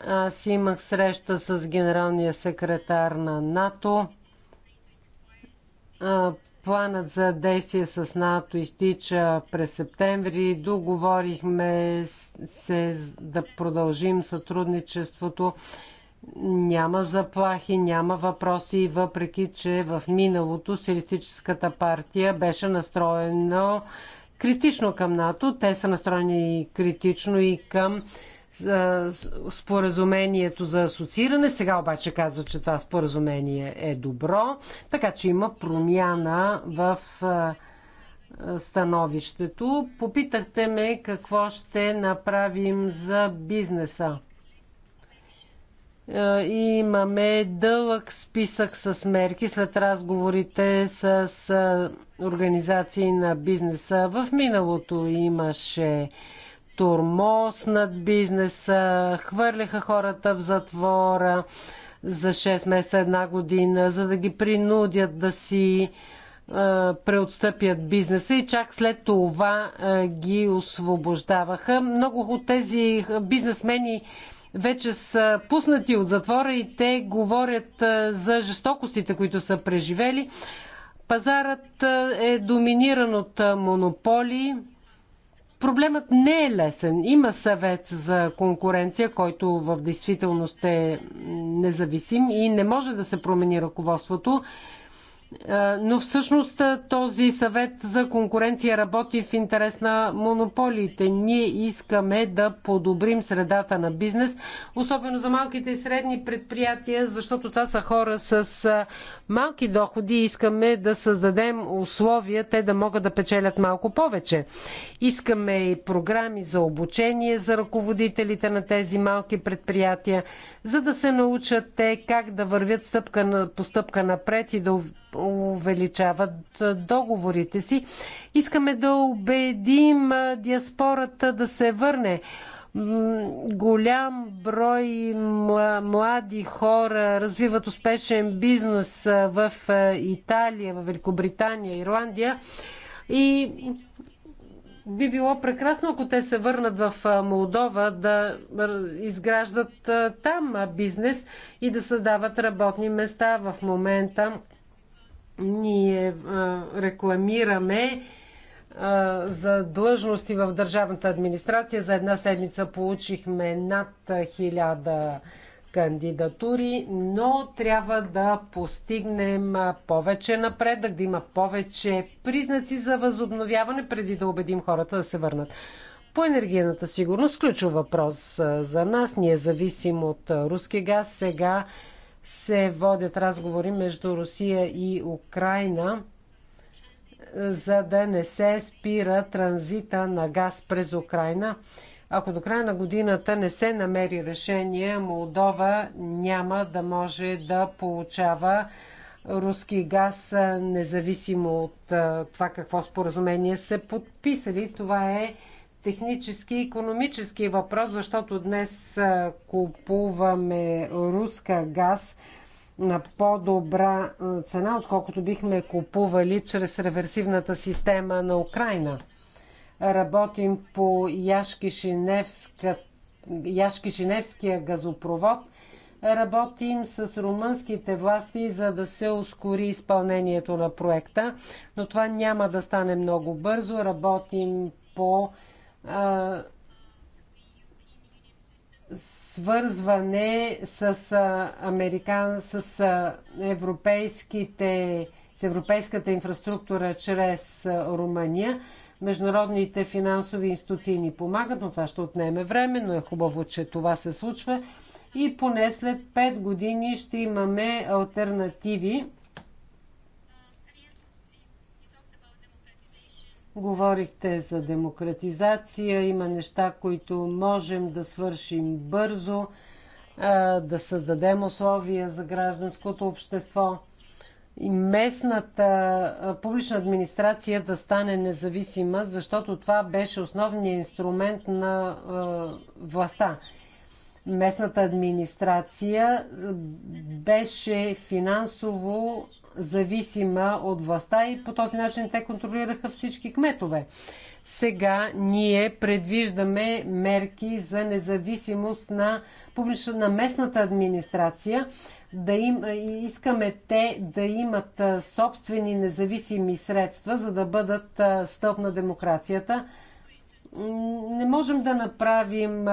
Аз имах среща с генералния секретар на НАТО Планът за действие с НАТО изтича през септември. Договорихме се да продължим сътрудничеството. Няма заплахи, няма въпроси, въпреки че в миналото Сиристическата партия беше настроена критично към НАТО. Те са настроени критично и към споразумението за асоцииране. Сега обаче казва, че това споразумение е добро, така че има промяна в становището. Попитахте ме какво ще направим за бизнеса. И имаме дълъг списък с мерки след разговорите с организации на бизнеса. В миналото имаше тормоз над бизнеса, хвърляха хората в затвора за 6 месеца, една година, за да ги принудят да си преотстъпят бизнеса и чак след това ги освобождаваха. Много от тези бизнесмени вече са пуснати от затвора и те говорят за жестокостите, които са преживели. Пазарът е доминиран от монополи. Проблемът не е лесен. Има съвет за конкуренция, който в действителност е независим и не може да се промени ръководството. Е, но всъщност е, този съвет за конкуренция работи в интерес на монополиите. Ние искаме да подобрим средата на бизнес, особено за малките и средни предприятия, защото това са хора с е, малки доходи и искаме да създадем условия те да могат да печелят малко повече. Искаме и програми за обучение за ръководителите на тези малки предприятия за да се научат те как да вървят стъпка на, по стъпка напред и да увеличават договорите си. Искаме да убедим диаспората да се върне. Голям брой млади хора развиват успешен бизнес в Италия, в Великобритания, Ирландия и би било прекрасно, ако те се върнат в Молдова да изграждат там бизнес и да създават работни места. В момента ние рекламираме за длъжности в държавната администрация. За една седмица получихме над 1000 кандидатури, но трябва да постигнем повече напредък, да има повече признаци за възобновяване, преди да убедим хората да се върнат. По енергийната сигурност, ключов въпрос за нас, ние зависим от руски газ. Сега се водят разговори между Русия и Украина, за да не се спира транзита на газ през Украина ако до края на годината не се намери решение, Молдова няма да може да получава руски газ, независимо от това какво споразумение се подписали. Това е технически и економически въпрос, защото днес купуваме руска газ на по-добра цена, отколкото бихме купували чрез реверсивната система на Украина. Работим по Яшкишиневския газопровод. Работим с румънските власти, за да се ускори изпълнението на проекта, но това няма да стане много бързо. Работим по а, свързване с, а, американ, с, а, европейските, с европейската инфраструктура чрез а, Румъния. Международните финансови институции ни помагат, но това ще отнеме време, но е хубаво, че това се случва. И поне след 5 години ще имаме альтернативи. Говорихте за демократизация. Има неща, които можем да свършим бързо, да създадем условия за гражданското общество и местната публична администрация да стане независима, защото това беше основният инструмент на властта. Местната администрация беше финансово зависима от властта и по този начин те контролираха всички кметове. Сега ние предвиждаме мерки за независимост на, публична, на местната администрация да им, искаме те да имат собствени независими средства, за да бъдат стълб на демокрацията. Не можем да направим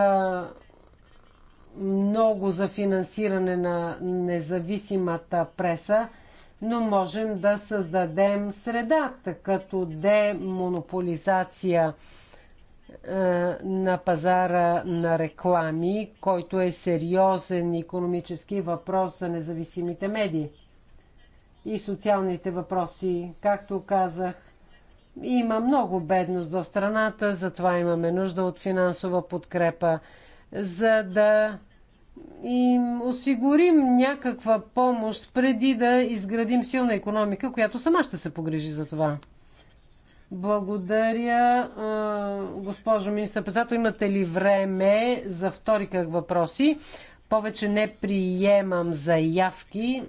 много за финансиране на независимата преса, но можем да създадем средата, като демонополизация е, на пазара на реклами, който е сериозен економически въпрос за независимите медии и социалните въпроси. Както казах, има много бедност в страната, затова имаме нужда от финансова подкрепа, за да им осигурим някаква помощ преди да изградим силна економика, която сама ще се погрижи за това. Благодаря, госпожо министър-председател. Имате ли време за втори кръг въпроси? Повече не приемам заявки.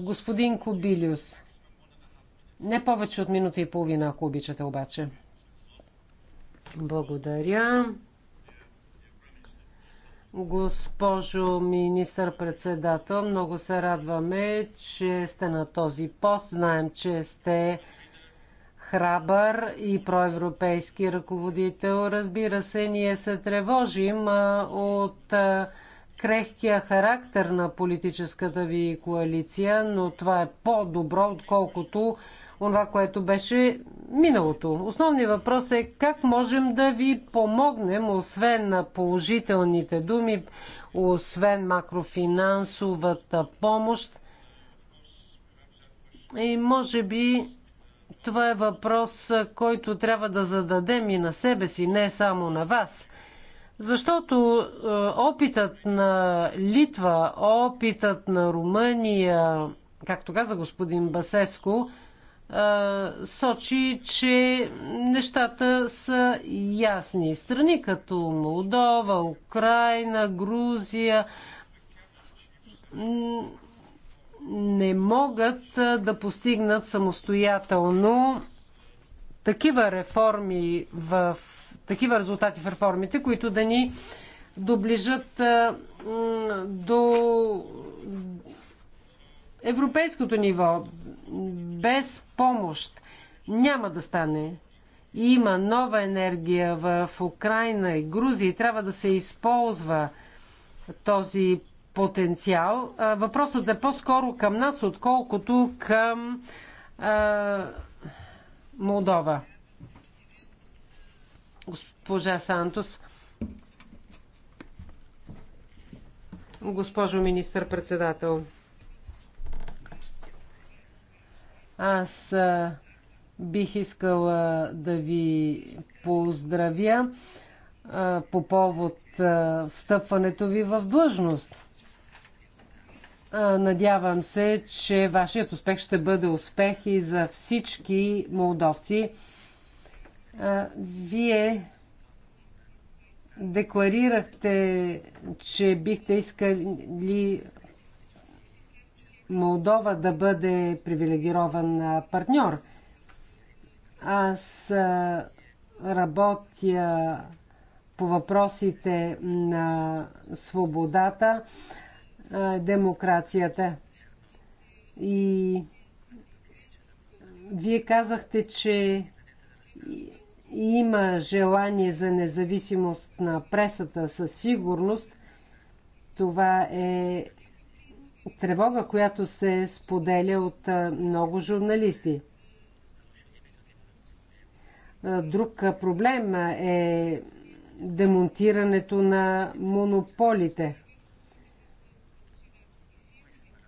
Господин Кобилиус, не повече от минута и половина, ако обичате обаче. Благодаря. Госпожо министър-председател, много се радваме, че сте на този пост. Знаем, че сте храбър и проевропейски ръководител. Разбира се, ние се тревожим от крехкия характер на политическата ви коалиция, но това е по-добро, отколкото това, което беше миналото. Основният въпрос е как можем да ви помогнем, освен на положителните думи, освен макрофинансовата помощ. И може би това е въпрос, който трябва да зададем и на себе си, не само на вас. Защото опитът на Литва, опитът на Румъния, както каза господин Басеско, сочи, че нещата са ясни. Страни като Молдова, Украина, Грузия не могат да постигнат самостоятелно такива реформи в такива резултати в реформите, които да ни доближат до европейското ниво. Без помощ няма да стане. Има нова енергия в Украина и Грузия и трябва да се използва този потенциал. Въпросът е по-скоро към нас, отколкото към а, Молдова. Госпожа Сантос. Госпожо министър-председател, аз а, бих искала да ви поздравя а, по повод а, встъпването ви в длъжност. Надявам се, че вашият успех ще бъде успех и за всички молдовци. Вие декларирахте, че бихте искали Молдова да бъде привилегирован партньор. Аз работя по въпросите на свободата демокрацията. И вие казахте, че има желание за независимост на пресата със сигурност. Това е тревога, която се споделя от много журналисти. Друг проблем е демонтирането на монополите –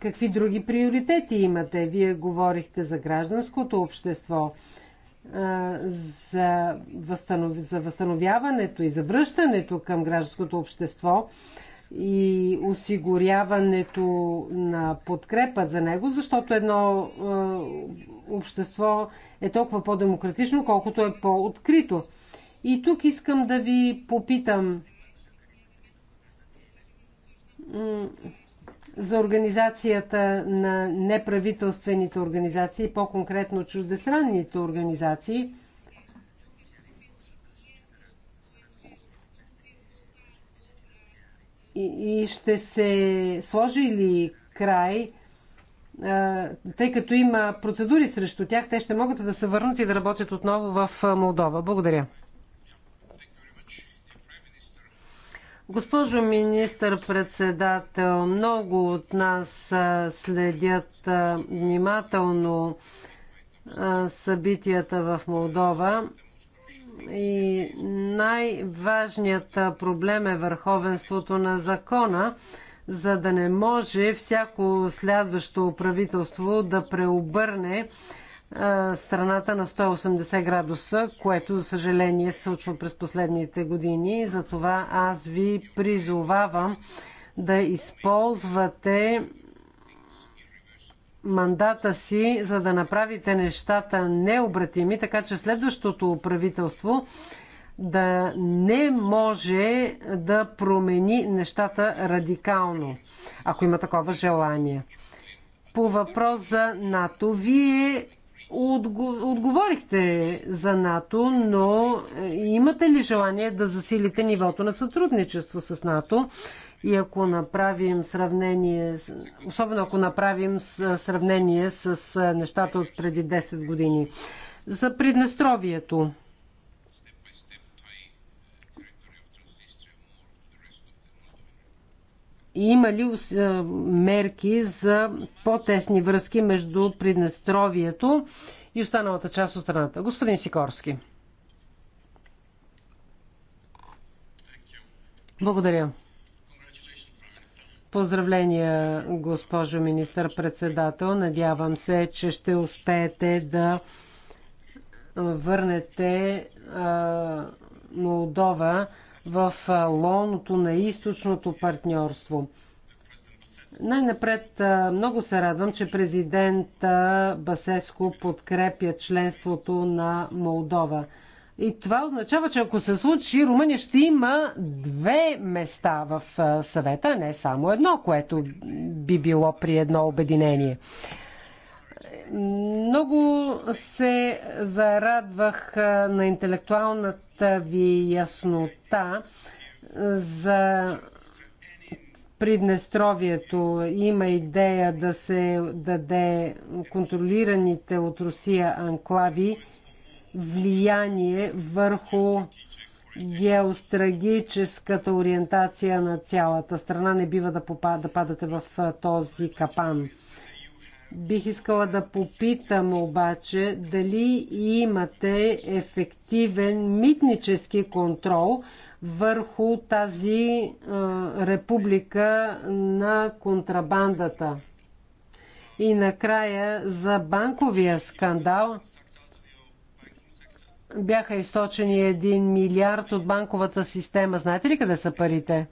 Какви други приоритети имате? Вие говорихте за гражданското общество, за, възстанов... за възстановяването и за връщането към гражданското общество и осигуряването на подкрепа за него, защото едно общество е толкова по-демократично, колкото е по-открито. И тук искам да ви попитам за организацията на неправителствените организации, по-конкретно чуждестранните организации. И, ще се сложи ли край, тъй като има процедури срещу тях, те ще могат да се върнат и да работят отново в Молдова. Благодаря. Госпожо министър-председател, много от нас следят внимателно събитията в Молдова и най-важният проблем е върховенството на закона, за да не може всяко следващо правителство да преобърне страната на 180 градуса, което за съжаление се случва през последните години. Затова аз ви призовавам да използвате мандата си, за да направите нещата необратими, така че следващото правителство да не може да промени нещата радикално, ако има такова желание. По въпрос за НАТО, вие Отговорихте за НАТО, но е, имате ли желание да засилите нивото на сътрудничество с НАТО? И ако направим сравнение, особено ако направим е, сравнение с е, нещата от преди 10 години. За Приднестровието. има ли мерки за по-тесни връзки между Приднестровието и останалата част от страната? Господин Сикорски. Благодаря. Поздравления, госпожо министър-председател. Надявам се, че ще успеете да върнете а, Молдова в лоното на източното партньорство. Най-напред много се радвам, че президент Басеско подкрепя членството на Молдова. И това означава, че ако се случи, Румъния ще има две места в съвета, не само едно, което би било при едно обединение. Много се зарадвах на интелектуалната ви яснота за Приднестровието. Има идея да се даде контролираните от Русия анклави влияние върху геострагическата ориентация на цялата страна. Не бива да, попада, да падате в този капан. Бих искала да попитам обаче дали имате ефективен митнически контрол върху тази република на контрабандата. И накрая за банковия скандал бяха източени 1 милиард от банковата система. Знаете ли къде са парите?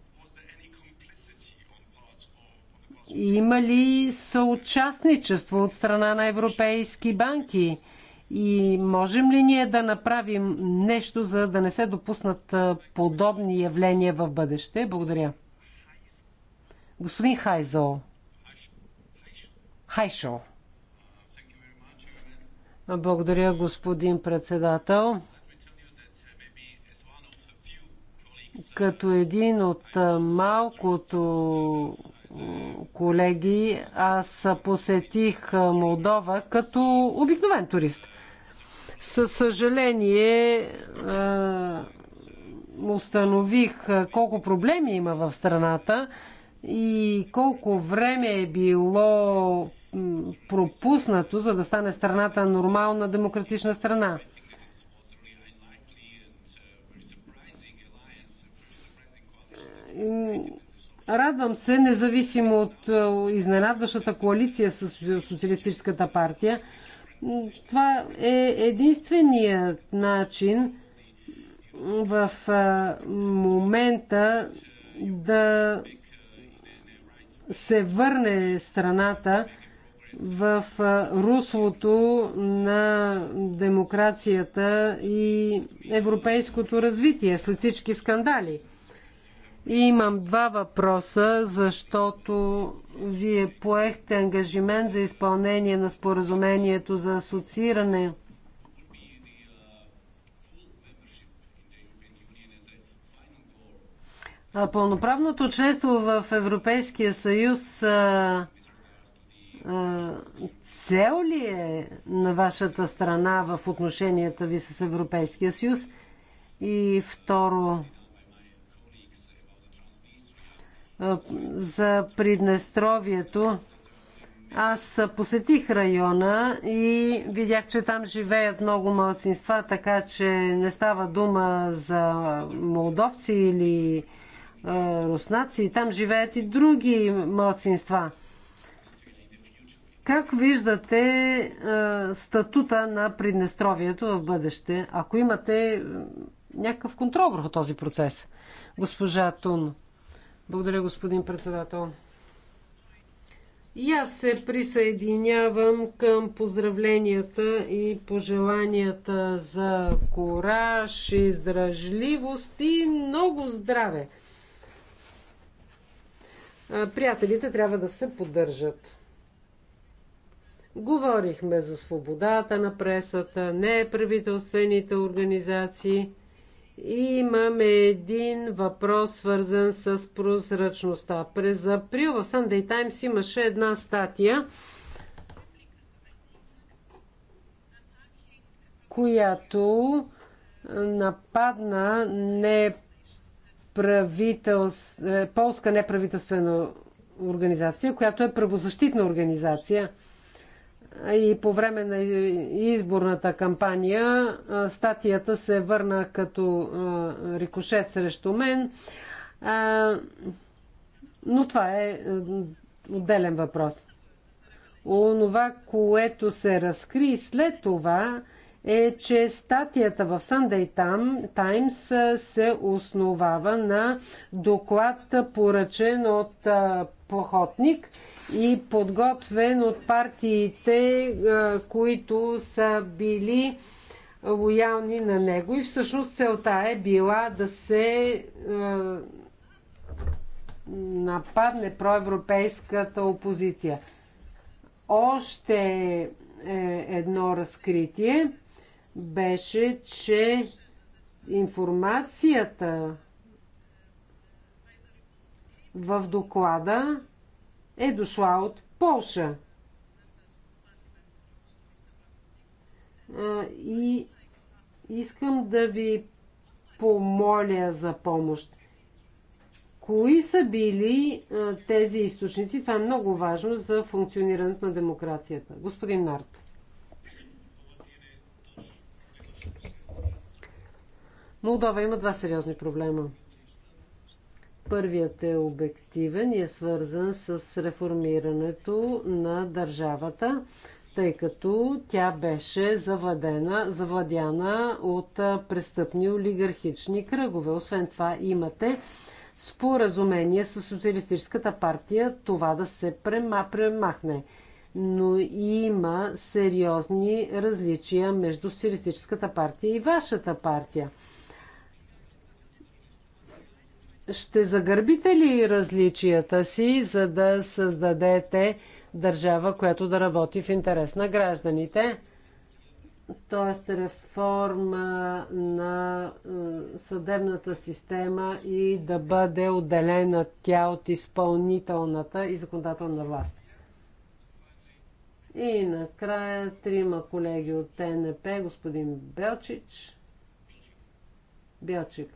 Има ли съучастничество от страна на европейски банки? И можем ли ние да направим нещо, за да не се допуснат подобни явления в бъдеще? Благодаря. Господин Хайзол. Хайшо. Благодаря, господин председател. Като един от малкото колеги, аз посетих Молдова като обикновен турист. Със съжаление установих колко проблеми има в страната и колко време е било пропуснато, за да стане страната нормална демократична страна. Радвам се, независимо от е, изненадващата коалиция с Социалистическата партия, това е единственият начин в е, момента да се върне страната в е, руслото на демокрацията и европейското развитие след всички скандали имам два въпроса, защото вие поехте ангажимент за изпълнение на споразумението за асоцииране. пълноправното членство в Европейския съюз а, а, цел ли е на вашата страна в отношенията ви с Европейския съюз? И второ, за Приднестровието. Аз посетих района и видях, че там живеят много малцинства, така че не става дума за молдовци или е, руснаци. Там живеят и други малцинства. Как виждате е, статута на Приднестровието в бъдеще, ако имате някакъв контрол върху този процес? Госпожа Тун. Благодаря, господин председател. И аз се присъединявам към поздравленията и пожеланията за кораж, издръжливост и много здраве. Приятелите трябва да се поддържат. Говорихме за свободата на пресата, неправителствените организации – и имаме един въпрос, свързан с прозрачността. През април в Sunday Times имаше една статия, която нападна неправителств... Е, полска неправителствена организация, която е правозащитна организация – и по време на изборната кампания статията се върна като рикошет срещу мен. Но това е отделен въпрос. Онова, което се разкри след това, е, че статията в Sunday Times се основава на доклад поръчен от похотник – и подготвен от партиите, които са били лоялни на него. И всъщност целта е била да се нападне проевропейската опозиция. Още е, едно разкритие беше, че информацията в доклада е дошла от Полша. И искам да ви помоля за помощ. Кои са били тези източници? Това е много важно за функционирането на демокрацията. Господин Нарт. Молдова има два сериозни проблема. Първият е обективен и е свързан с реформирането на държавата, тъй като тя беше завладена, завладяна от престъпни олигархични кръгове. Освен това имате споразумение с Социалистическата партия това да се премахне. Но има сериозни различия между Социалистическата партия и вашата партия. Ще загърбите ли различията си, за да създадете държава, която да работи в интерес на гражданите? Тоест реформа на е, съдебната система и да бъде отделена тя от изпълнителната и законодателна власт. И накрая трима колеги от ТНП, господин Белчич. Белчик.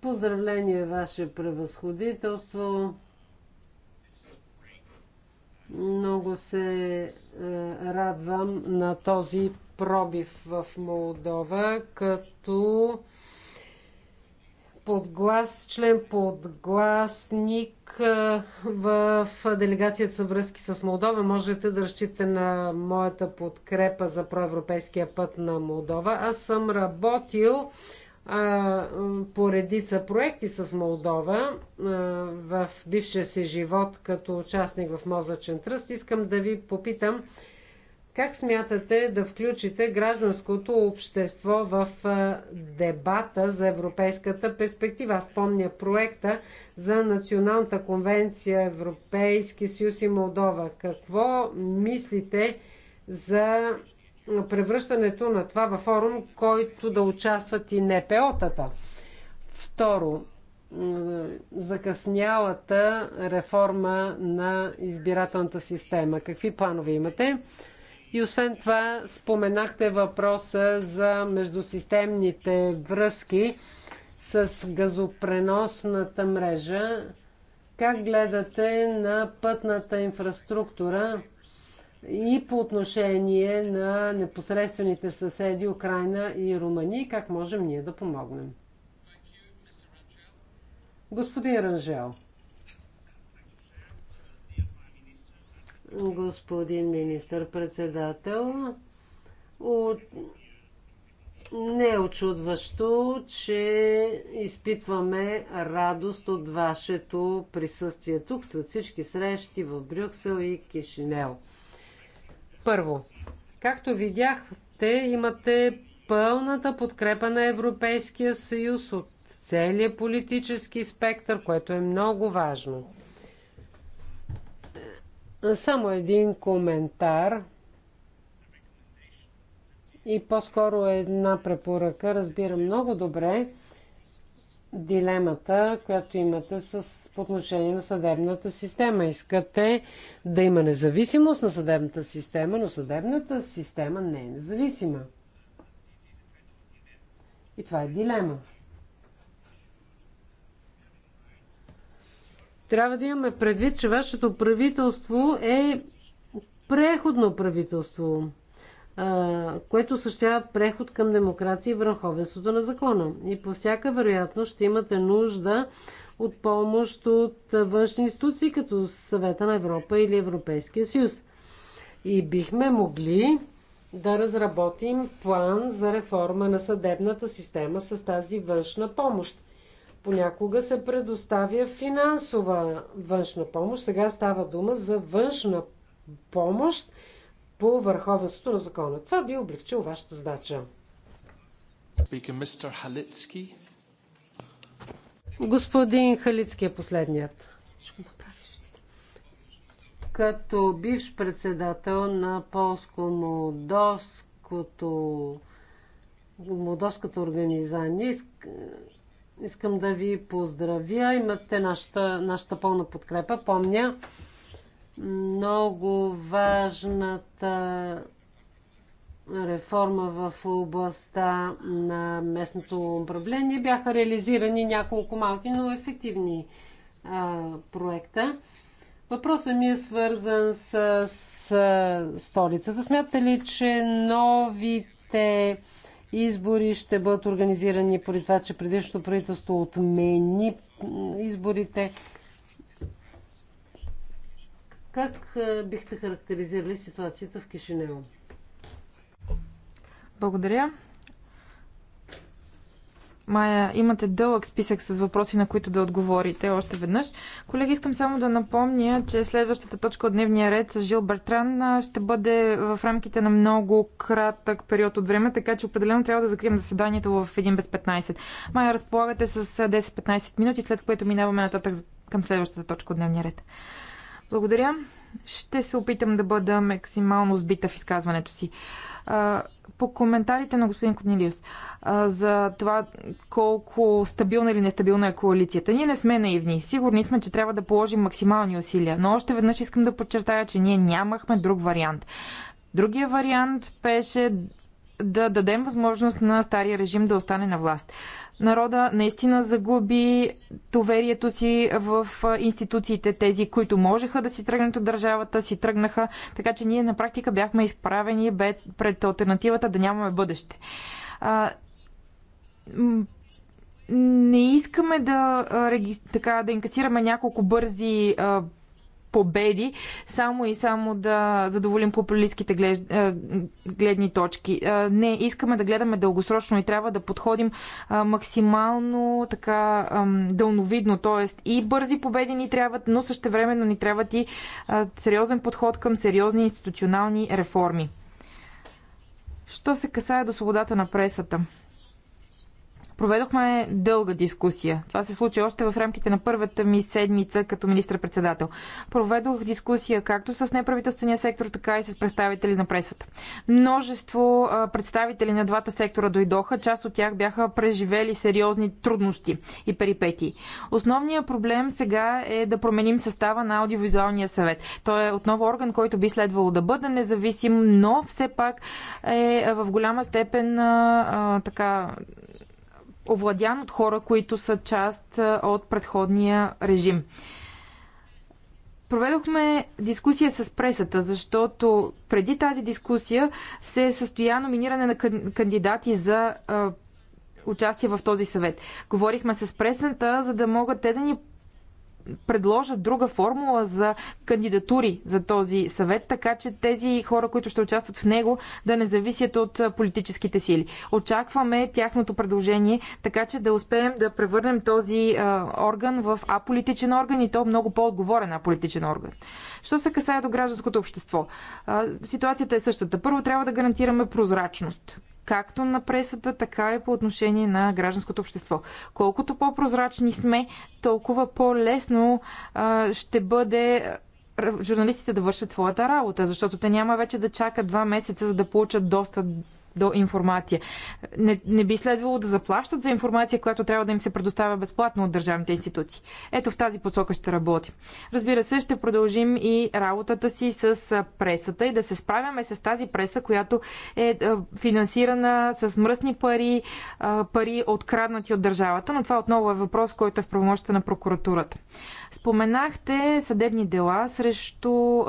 Поздравление, Ваше превъзходителство. Много се е, радвам на този пробив в Молдова, като подглас, член подгласник е, в делегацията за връзки с Молдова. Можете да разчитате на моята подкрепа за проевропейския път на Молдова. Аз съм работил по редица проекти с Молдова в бившия си живот като участник в Мозъчен тръст. Искам да ви попитам как смятате да включите гражданското общество в дебата за европейската перспектива? Аз помня проекта за Националната конвенция Европейски съюз и Молдова. Какво мислите за превръщането на това във форум, който да участват и НПО-тата. Второ, закъснялата реформа на избирателната система. Какви планове имате? И освен това, споменахте въпроса за междусистемните връзки с газопреносната мрежа. Как гледате на пътната инфраструктура и по отношение на непосредствените съседи Украина и Румъния и как можем ние да помогнем. Господин Ранжел. Господин министър-председател, от... не е очудващо, че изпитваме радост от вашето присъствие тук след всички срещи в Брюксел и Кишинел. Първо, както видяхте, имате пълната подкрепа на Европейския съюз от целият политически спектър, което е много важно. Само един коментар и по-скоро една препоръка. Разбирам много добре, дилемата, която имате с, по отношение на съдебната система. Искате да има независимост на съдебната система, но съдебната система не е независима. И това е дилема. Трябва да имаме предвид, че вашето правителство е преходно правителство което осъществява преход към демокрация и върховенството на закона. И по всяка вероятност ще имате нужда от помощ от външни институции, като Съвета на Европа или Европейския съюз. И бихме могли да разработим план за реформа на съдебната система с тази външна помощ. Понякога се предоставя финансова външна помощ. Сега става дума за външна помощ, по върховенството на закона. Това би облегчил вашата задача. Господин Халицки е последният. Като бивш председател на полско-молдовското молдовската организация, искам да ви поздравя. Имате нашата, нашата пълна подкрепа. Помня, много важната реформа в областта на местното управление. Бяха реализирани няколко малки, но ефективни а, проекта. Въпросът ми е свързан с, с столицата. Смятате ли, че новите избори ще бъдат организирани поради това, че предишното правителство отмени изборите? Как е, бихте характеризирали ситуацията в Кишинево? Благодаря. Мая, имате дълъг списък с въпроси, на които да отговорите още веднъж. Колеги, искам само да напомня, че следващата точка от дневния ред с Жил Бертран ще бъде в рамките на много кратък период от време, така че определено трябва да закрием заседанието в 1 без 15. Мая, разполагате с 10-15 минути, след което минаваме нататък към следващата точка от дневния ред. Благодаря. Ще се опитам да бъда максимално сбита в изказването си. По коментарите на господин Корнилиус за това колко стабилна или нестабилна е коалицията. Ние не сме наивни. Сигурни сме, че трябва да положим максимални усилия. Но още веднъж искам да подчертая, че ние нямахме друг вариант. Другия вариант беше да дадем възможност на стария режим да остане на власт народа наистина загуби доверието си в институциите. Тези, които можеха да си тръгнат от държавата, си тръгнаха. Така че ние на практика бяхме изправени пред альтернативата да нямаме бъдеще. Не искаме да, така, да инкасираме няколко бързи победи, само и само да задоволим популистските глед... гледни точки. Не, искаме да гледаме дългосрочно и трябва да подходим максимално така дълновидно, т.е. и бързи победи ни трябват, но същевременно ни трябват и сериозен подход към сериозни институционални реформи. Що се касае до свободата на пресата? Проведохме дълга дискусия. Това се случи още в рамките на първата ми седмица като министр-председател. Проведох дискусия както с неправителствения сектор, така и с представители на пресата. Множество представители на двата сектора дойдоха, част от тях бяха преживели сериозни трудности и перипетии. Основният проблем сега е да променим състава на аудиовизуалния съвет. Той е отново орган, който би следвало да бъде независим, но все пак е в голяма степен а, така овладян от хора, които са част от предходния режим. Проведохме дискусия с пресата, защото преди тази дискусия се е състоя номиниране на кандидати за участие в този съвет. Говорихме с пресата, за да могат те да ни предложа друга формула за кандидатури за този съвет, така че тези хора, които ще участват в него, да не зависят от политическите сили. Очакваме тяхното предложение, така че да успеем да превърнем този орган в аполитичен орган и то много по-отговорен аполитичен орган. Що се касае до гражданското общество? Ситуацията е същата. Първо трябва да гарантираме прозрачност както на пресата, така и по отношение на гражданското общество. Колкото по-прозрачни сме, толкова по-лесно ще бъде журналистите да вършат своята работа, защото те няма вече да чакат два месеца, за да получат достъп до информация. Не, не би следвало да заплащат за информация, която трябва да им се предоставя безплатно от държавните институции. Ето в тази посока ще работим. Разбира се, ще продължим и работата си с пресата и да се справяме с тази преса, която е финансирана с мръсни пари, пари откраднати от държавата, но това отново е въпрос, който е в правомощта на прокуратурата. Споменахте съдебни дела срещу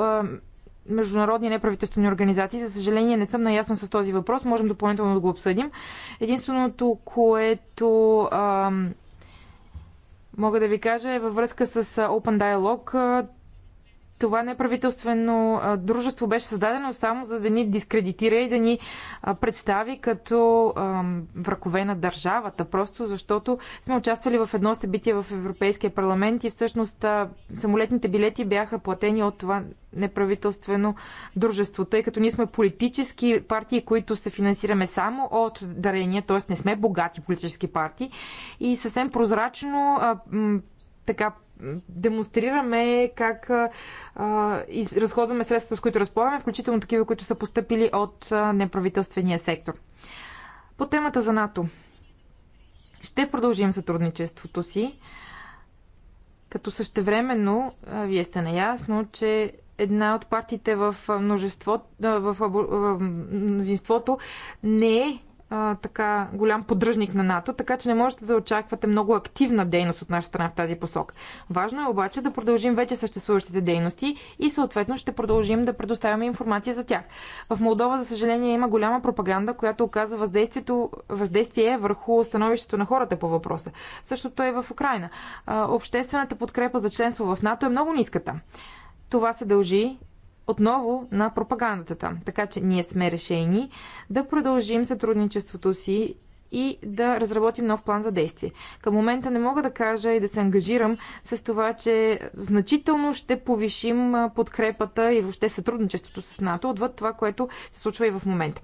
международни неправителствени организации. За съжаление не съм наясна с този въпрос. Можем допълнително да го обсъдим. Единственото, което а, мога да ви кажа е във връзка с Open Dialogue това неправителствено дружество беше създадено само за да ни дискредитира и да ни представи като врагове на държавата, просто защото сме участвали в едно събитие в Европейския парламент и всъщност самолетните билети бяха платени от това неправителствено дружество, тъй като ние сме политически партии, които се финансираме само от дарения, т.е. не сме богати политически партии и съвсем прозрачно така демонстрираме как а, разходваме средствата, с които разполагаме, включително такива, които са поступили от неправителствения сектор. По темата за НАТО. Ще продължим сътрудничеството си, като същевременно, вие сте наясно, че една от партиите в, множество, в, в, в мнозинството не е а, така голям поддръжник на НАТО, така че не можете да очаквате много активна дейност от наша страна в тази посок. Важно е обаче да продължим вече съществуващите дейности и съответно ще продължим да предоставяме информация за тях. В Молдова, за съжаление, има голяма пропаганда, която оказва въздействието, въздействие върху становището на хората по въпроса. Същото е в Украина. А, обществената подкрепа за членство в НАТО е много ниската. Това се дължи отново на пропагандата. Така че ние сме решени да продължим сътрудничеството си и да разработим нов план за действие. Към момента не мога да кажа и да се ангажирам с това, че значително ще повишим подкрепата и въобще сътрудничеството с НАТО отвъд това, което се случва и в момента.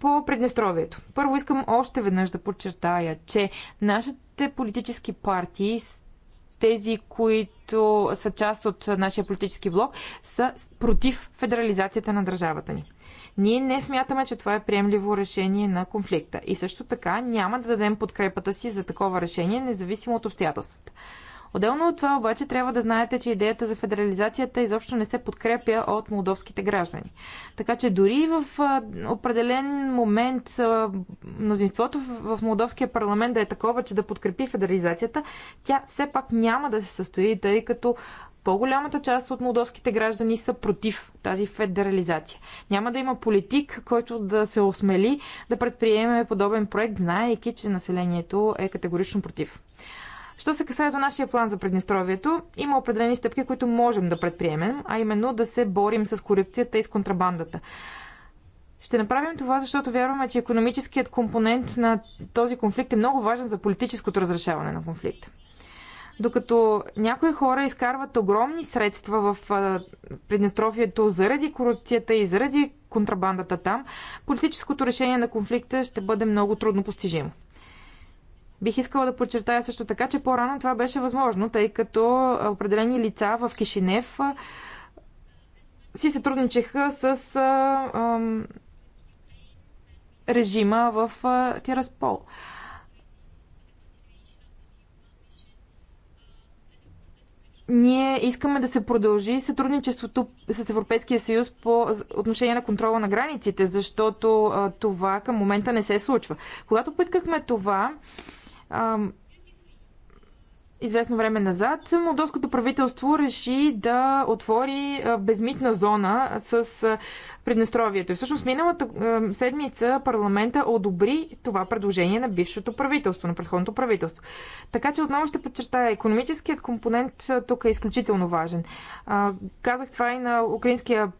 По Преднестровието, Първо искам още веднъж да подчертая, че нашите политически партии тези, които са част от нашия политически блок, са против федерализацията на държавата ни. Ние не смятаме, че това е приемливо решение на конфликта. И също така няма да дадем подкрепата си за такова решение, независимо от обстоятелствата. Отделно от това обаче трябва да знаете, че идеята за федерализацията изобщо не се подкрепя от молдовските граждани. Така че дори в определен момент мнозинството в молдовския парламент да е такова, че да подкрепи федерализацията, тя все пак няма да се състои, тъй като по-голямата част от молдовските граждани са против тази федерализация. Няма да има политик, който да се осмели да предприеме подобен проект, знаеки, че населението е категорично против. Що се касае до нашия план за Приднестровието, има определени стъпки, които можем да предприемем, а именно да се борим с корупцията и с контрабандата. Ще направим това, защото вярваме, че економическият компонент на този конфликт е много важен за политическото разрешаване на конфликта. Докато някои хора изкарват огромни средства в Приднестровието заради корупцията и заради контрабандата там, политическото решение на конфликта ще бъде много трудно постижимо. Бих искала да подчертая също така, че по-рано това беше възможно, тъй като определени лица в Кишинев си сътрудничиха с режима в Тираспол. ние искаме да се продължи сътрудничеството с Европейския съюз по отношение на контрола на границите, защото това към момента не се случва. Когато поискахме това, известно време назад, молдовското правителство реши да отвори безмитна зона с Приднестровието. И всъщност миналата седмица парламента одобри това предложение на бившото правителство, на предходното правителство. Така че отново ще подчертая, економическият компонент тук е изключително важен. Казах това и на украинския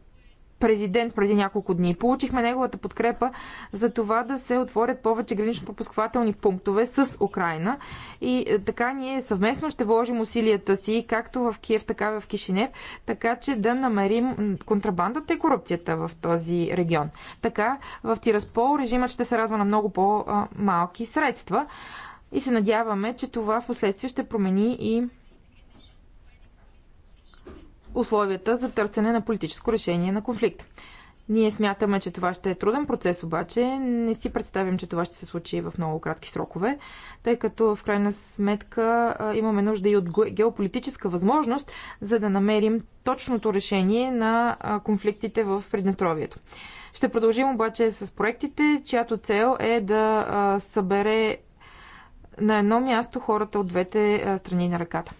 президент преди няколко дни. Получихме неговата подкрепа за това да се отворят повече гранично-пропусквателни пунктове с Украина. И е, така ние съвместно ще вложим усилията си, както в Киев, така и в Кишинев, така че да намерим контрабандата и корупцията в този регион. Така в Тираспол режимът ще се радва на много по-малки средства и се надяваме, че това в последствие ще промени и условията за търсене на политическо решение на конфликта. Ние смятаме, че това ще е труден процес, обаче не си представим, че това ще се случи в много кратки срокове, тъй като в крайна сметка имаме нужда и от геополитическа възможност, за да намерим точното решение на конфликтите в Приднестровието. Ще продължим обаче с проектите, чиято цел е да събере на едно място хората от двете страни на ръката.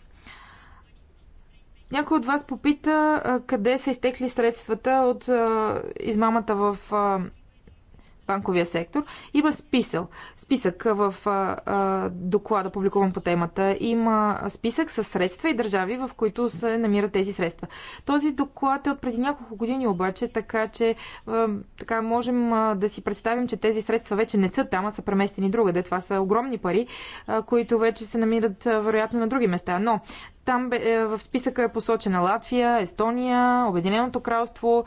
Някой от вас попита а, къде са изтекли средствата от а, измамата в а, банковия сектор. Има списъл списък в доклада, публикуван по темата. Има списък с средства и държави, в които се намират тези средства. Този доклад е от преди няколко години обаче, така че така можем да си представим, че тези средства вече не са там, а са преместени другаде. Това са огромни пари, които вече се намират вероятно на други места. Но там е, в списъка е посочена Латвия, Естония, Обединеното кралство,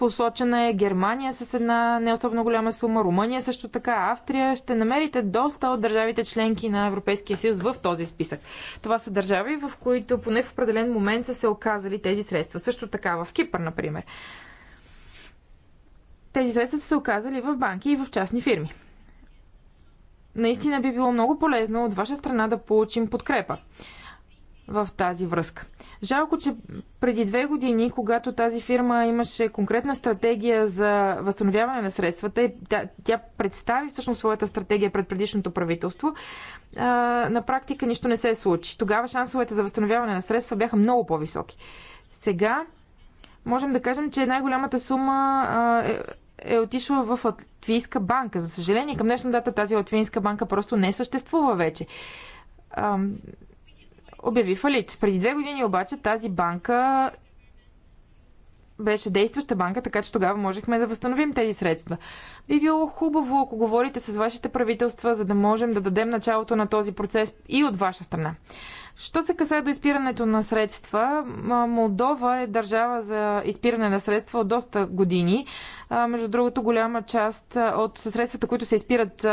Посочена е Германия с една не особено голяма сума, Румъния също така, Австрия. Ще намерите доста от държавите членки на Европейския съюз в този списък. Това са държави, в които поне в определен момент са се оказали тези средства. Също така в Кипър, например. Тези средства са се оказали в банки и в частни фирми. Наистина би било много полезно от ваша страна да получим подкрепа в тази връзка. Жалко, че преди две години, когато тази фирма имаше конкретна стратегия за възстановяване на средствата, тя, тя представи всъщност своята стратегия пред предишното правителство, а, на практика нищо не се е случи. Тогава шансовете за възстановяване на средства бяха много по-високи. Сега можем да кажем, че най-голямата сума а, е, е отишла в Латвийска банка. За съжаление, към днешна дата тази Латвийска банка просто не съществува вече. А, обяви фалит. Преди две години обаче тази банка беше действаща банка, така че тогава можехме да възстановим тези средства. Би било хубаво, ако говорите с вашите правителства, за да можем да дадем началото на този процес и от ваша страна. Що се касае до изпирането на средства, Молдова е държава за изпиране на средства от доста години. Между другото, голяма част от средствата, които се изпират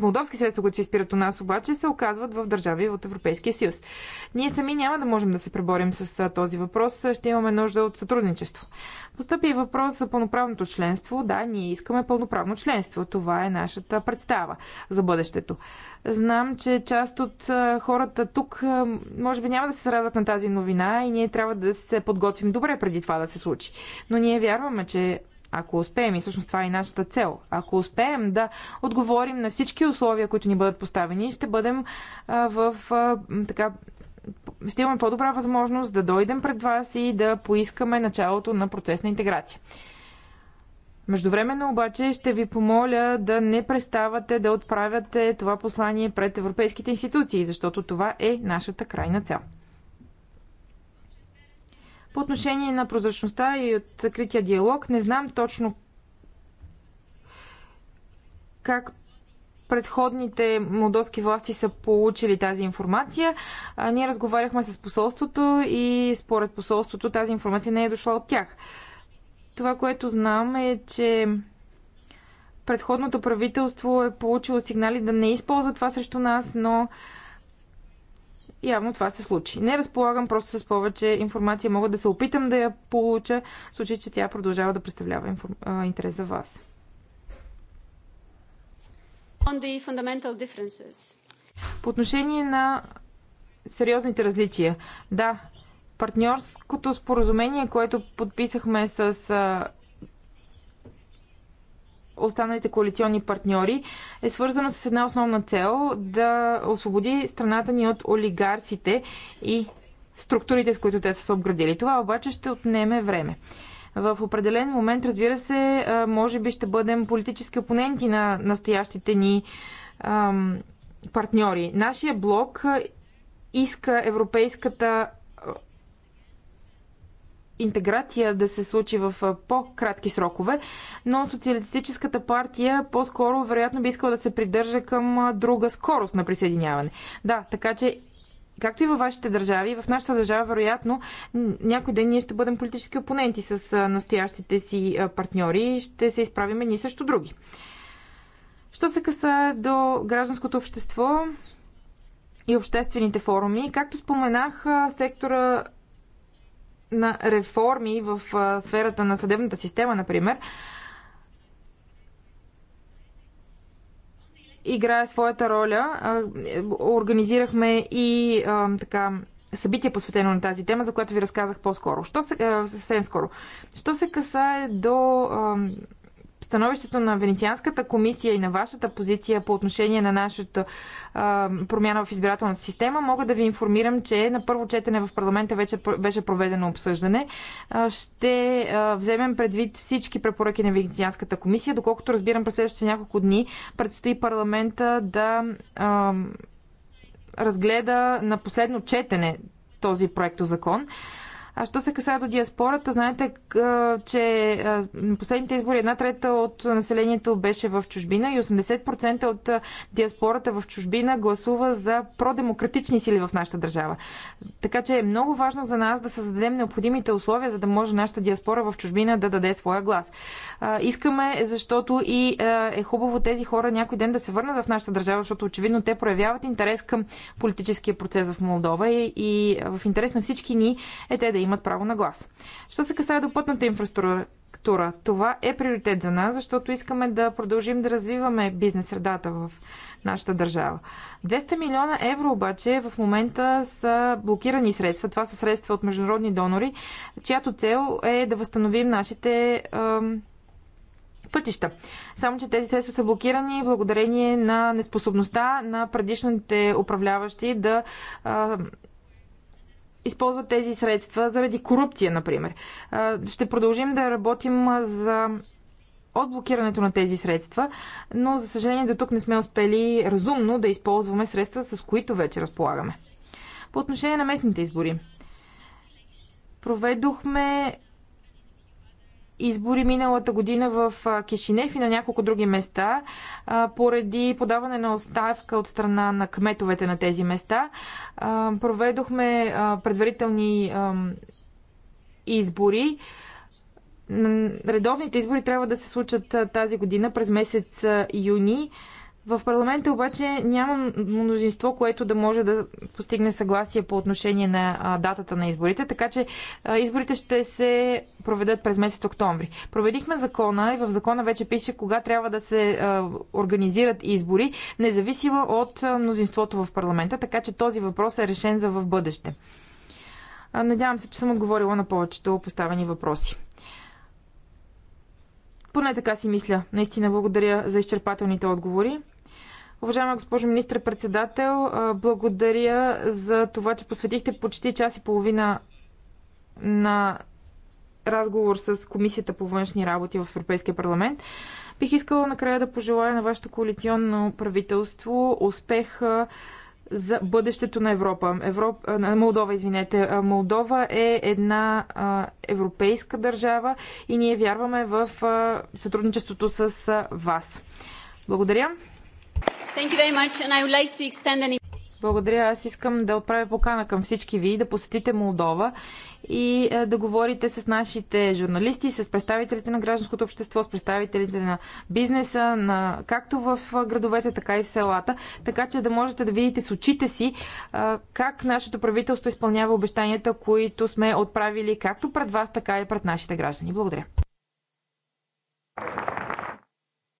молдовски средства, които се изпират у нас, обаче се оказват в държави от Европейския съюз. Ние сами няма да можем да се преборим с този въпрос. Ще имаме нужда от сътрудничество. Постъпи и въпрос за пълноправното членство. Да, ние искаме пълноправно членство. Това е нашата представа за бъдещето. Знам, че част от хората тук може би няма да се радват на тази новина и ние трябва да се подготвим добре преди това да се случи. Но ние вярваме, че ако успеем, и всъщност това е и нашата цел, ако успеем да отговорим на всички условия, които ни бъдат поставени, ще бъдем а, в а, така. Ще имаме по-добра възможност да дойдем пред вас и да поискаме началото на процес на интеграция. Междувременно обаче ще ви помоля да не преставате да отправяте това послание пред европейските институции, защото това е нашата крайна цел. По отношение на прозрачността и открития диалог, не знам точно как предходните молдовски власти са получили тази информация. А, ние разговаряхме с посолството и според посолството тази информация не е дошла от тях. Това, което знам е, че предходното правителство е получило сигнали да не използва това срещу нас, но Явно това се случи. Не разполагам просто с повече информация. Мога да се опитам да я получа, в случай, че тя продължава да представлява а, интерес за вас. По отношение на сериозните различия. Да, партньорското споразумение, което подписахме с останалите коалиционни партньори, е свързано с една основна цел да освободи страната ни от олигарсите и структурите, с които те са се обградили. Това обаче ще отнеме време. В определен момент, разбира се, може би ще бъдем политически опоненти на настоящите ни ам, партньори. Нашия блок иска Европейската интеграция да се случи в по-кратки срокове, но Социалистическата партия по-скоро вероятно би искала да се придържа към друга скорост на присъединяване. Да, така че както и във вашите държави, в нашата държава, вероятно, някой ден ние ще бъдем политически опоненти с настоящите си партньори и ще се изправиме ние също други. Що се каса до гражданското общество и обществените форуми, както споменах, сектора на реформи в сферата на съдебната система, например, играе своята роля. Е, организирахме и така събитие посветено на тази тема, за която ви разказах по-скоро. Що се, съвсем скоро. Що се касае до становището на Венецианската комисия и на вашата позиция по отношение на нашата промяна в избирателната система, мога да ви информирам, че на първо четене в парламента вече беше проведено обсъждане. ще вземем предвид всички препоръки на Венецианската комисия. Доколкото разбирам, през следващите няколко дни предстои парламента да разгледа на последно четене този проекто закон. А що се касае до диаспората, знаете, че на последните избори една трета от населението беше в чужбина и 80% от диаспората в чужбина гласува за продемократични сили в нашата държава. Така че е много важно за нас да създадем необходимите условия, за да може нашата диаспора в чужбина да даде своя глас искаме, защото и е хубаво тези хора някой ден да се върнат в нашата държава, защото очевидно те проявяват интерес към политическия процес в Молдова и, и в интерес на всички ни е те да имат право на глас. Що се касае до пътната инфраструктура, Това е приоритет за нас, защото искаме да продължим да развиваме бизнес средата в нашата държава. 200 милиона евро обаче в момента са блокирани средства. Това са средства от международни донори, чиято цел е да възстановим нашите пътища. Само, че тези средства са блокирани благодарение на неспособността на предишните управляващи да а, използват тези средства заради корупция, например. А, ще продължим да работим за отблокирането на тези средства, но за съжаление до тук не сме успели разумно да използваме средства, с които вече разполагаме. По отношение на местните избори. Проведохме избори миналата година в Кишинев и на няколко други места, поради подаване на оставка от страна на кметовете на тези места. Проведохме предварителни избори. Редовните избори трябва да се случат тази година през месец юни. В парламента обаче няма мнозинство, което да може да постигне съгласие по отношение на датата на изборите, така че изборите ще се проведат през месец октомври. Проведихме закона и в закона вече пише кога трябва да се организират избори, независимо от мнозинството в парламента, така че този въпрос е решен за в бъдеще. Надявам се, че съм отговорила на повечето поставени въпроси. Поне така си мисля. Наистина благодаря за изчерпателните отговори. Уважаема госпожо министр-председател, благодаря за това, че посветихте почти час и половина на разговор с Комисията по външни работи в Европейския парламент. Бих искала накрая да пожелая на вашето коалиционно правителство успех за бъдещето на Европа. Европа Молдова, извинете. Молдова е една европейска държава и ние вярваме в сътрудничеството с вас. Благодаря. Благодаря. Аз искам да отправя покана към всички ви да посетите Молдова и е, да говорите с нашите журналисти, с представителите на гражданското общество, с представителите на бизнеса, на, както в е, градовете, така и в селата, така че да можете да видите с очите си е, как нашето правителство изпълнява обещанията, които сме отправили както пред вас, така и пред нашите граждани. Благодаря.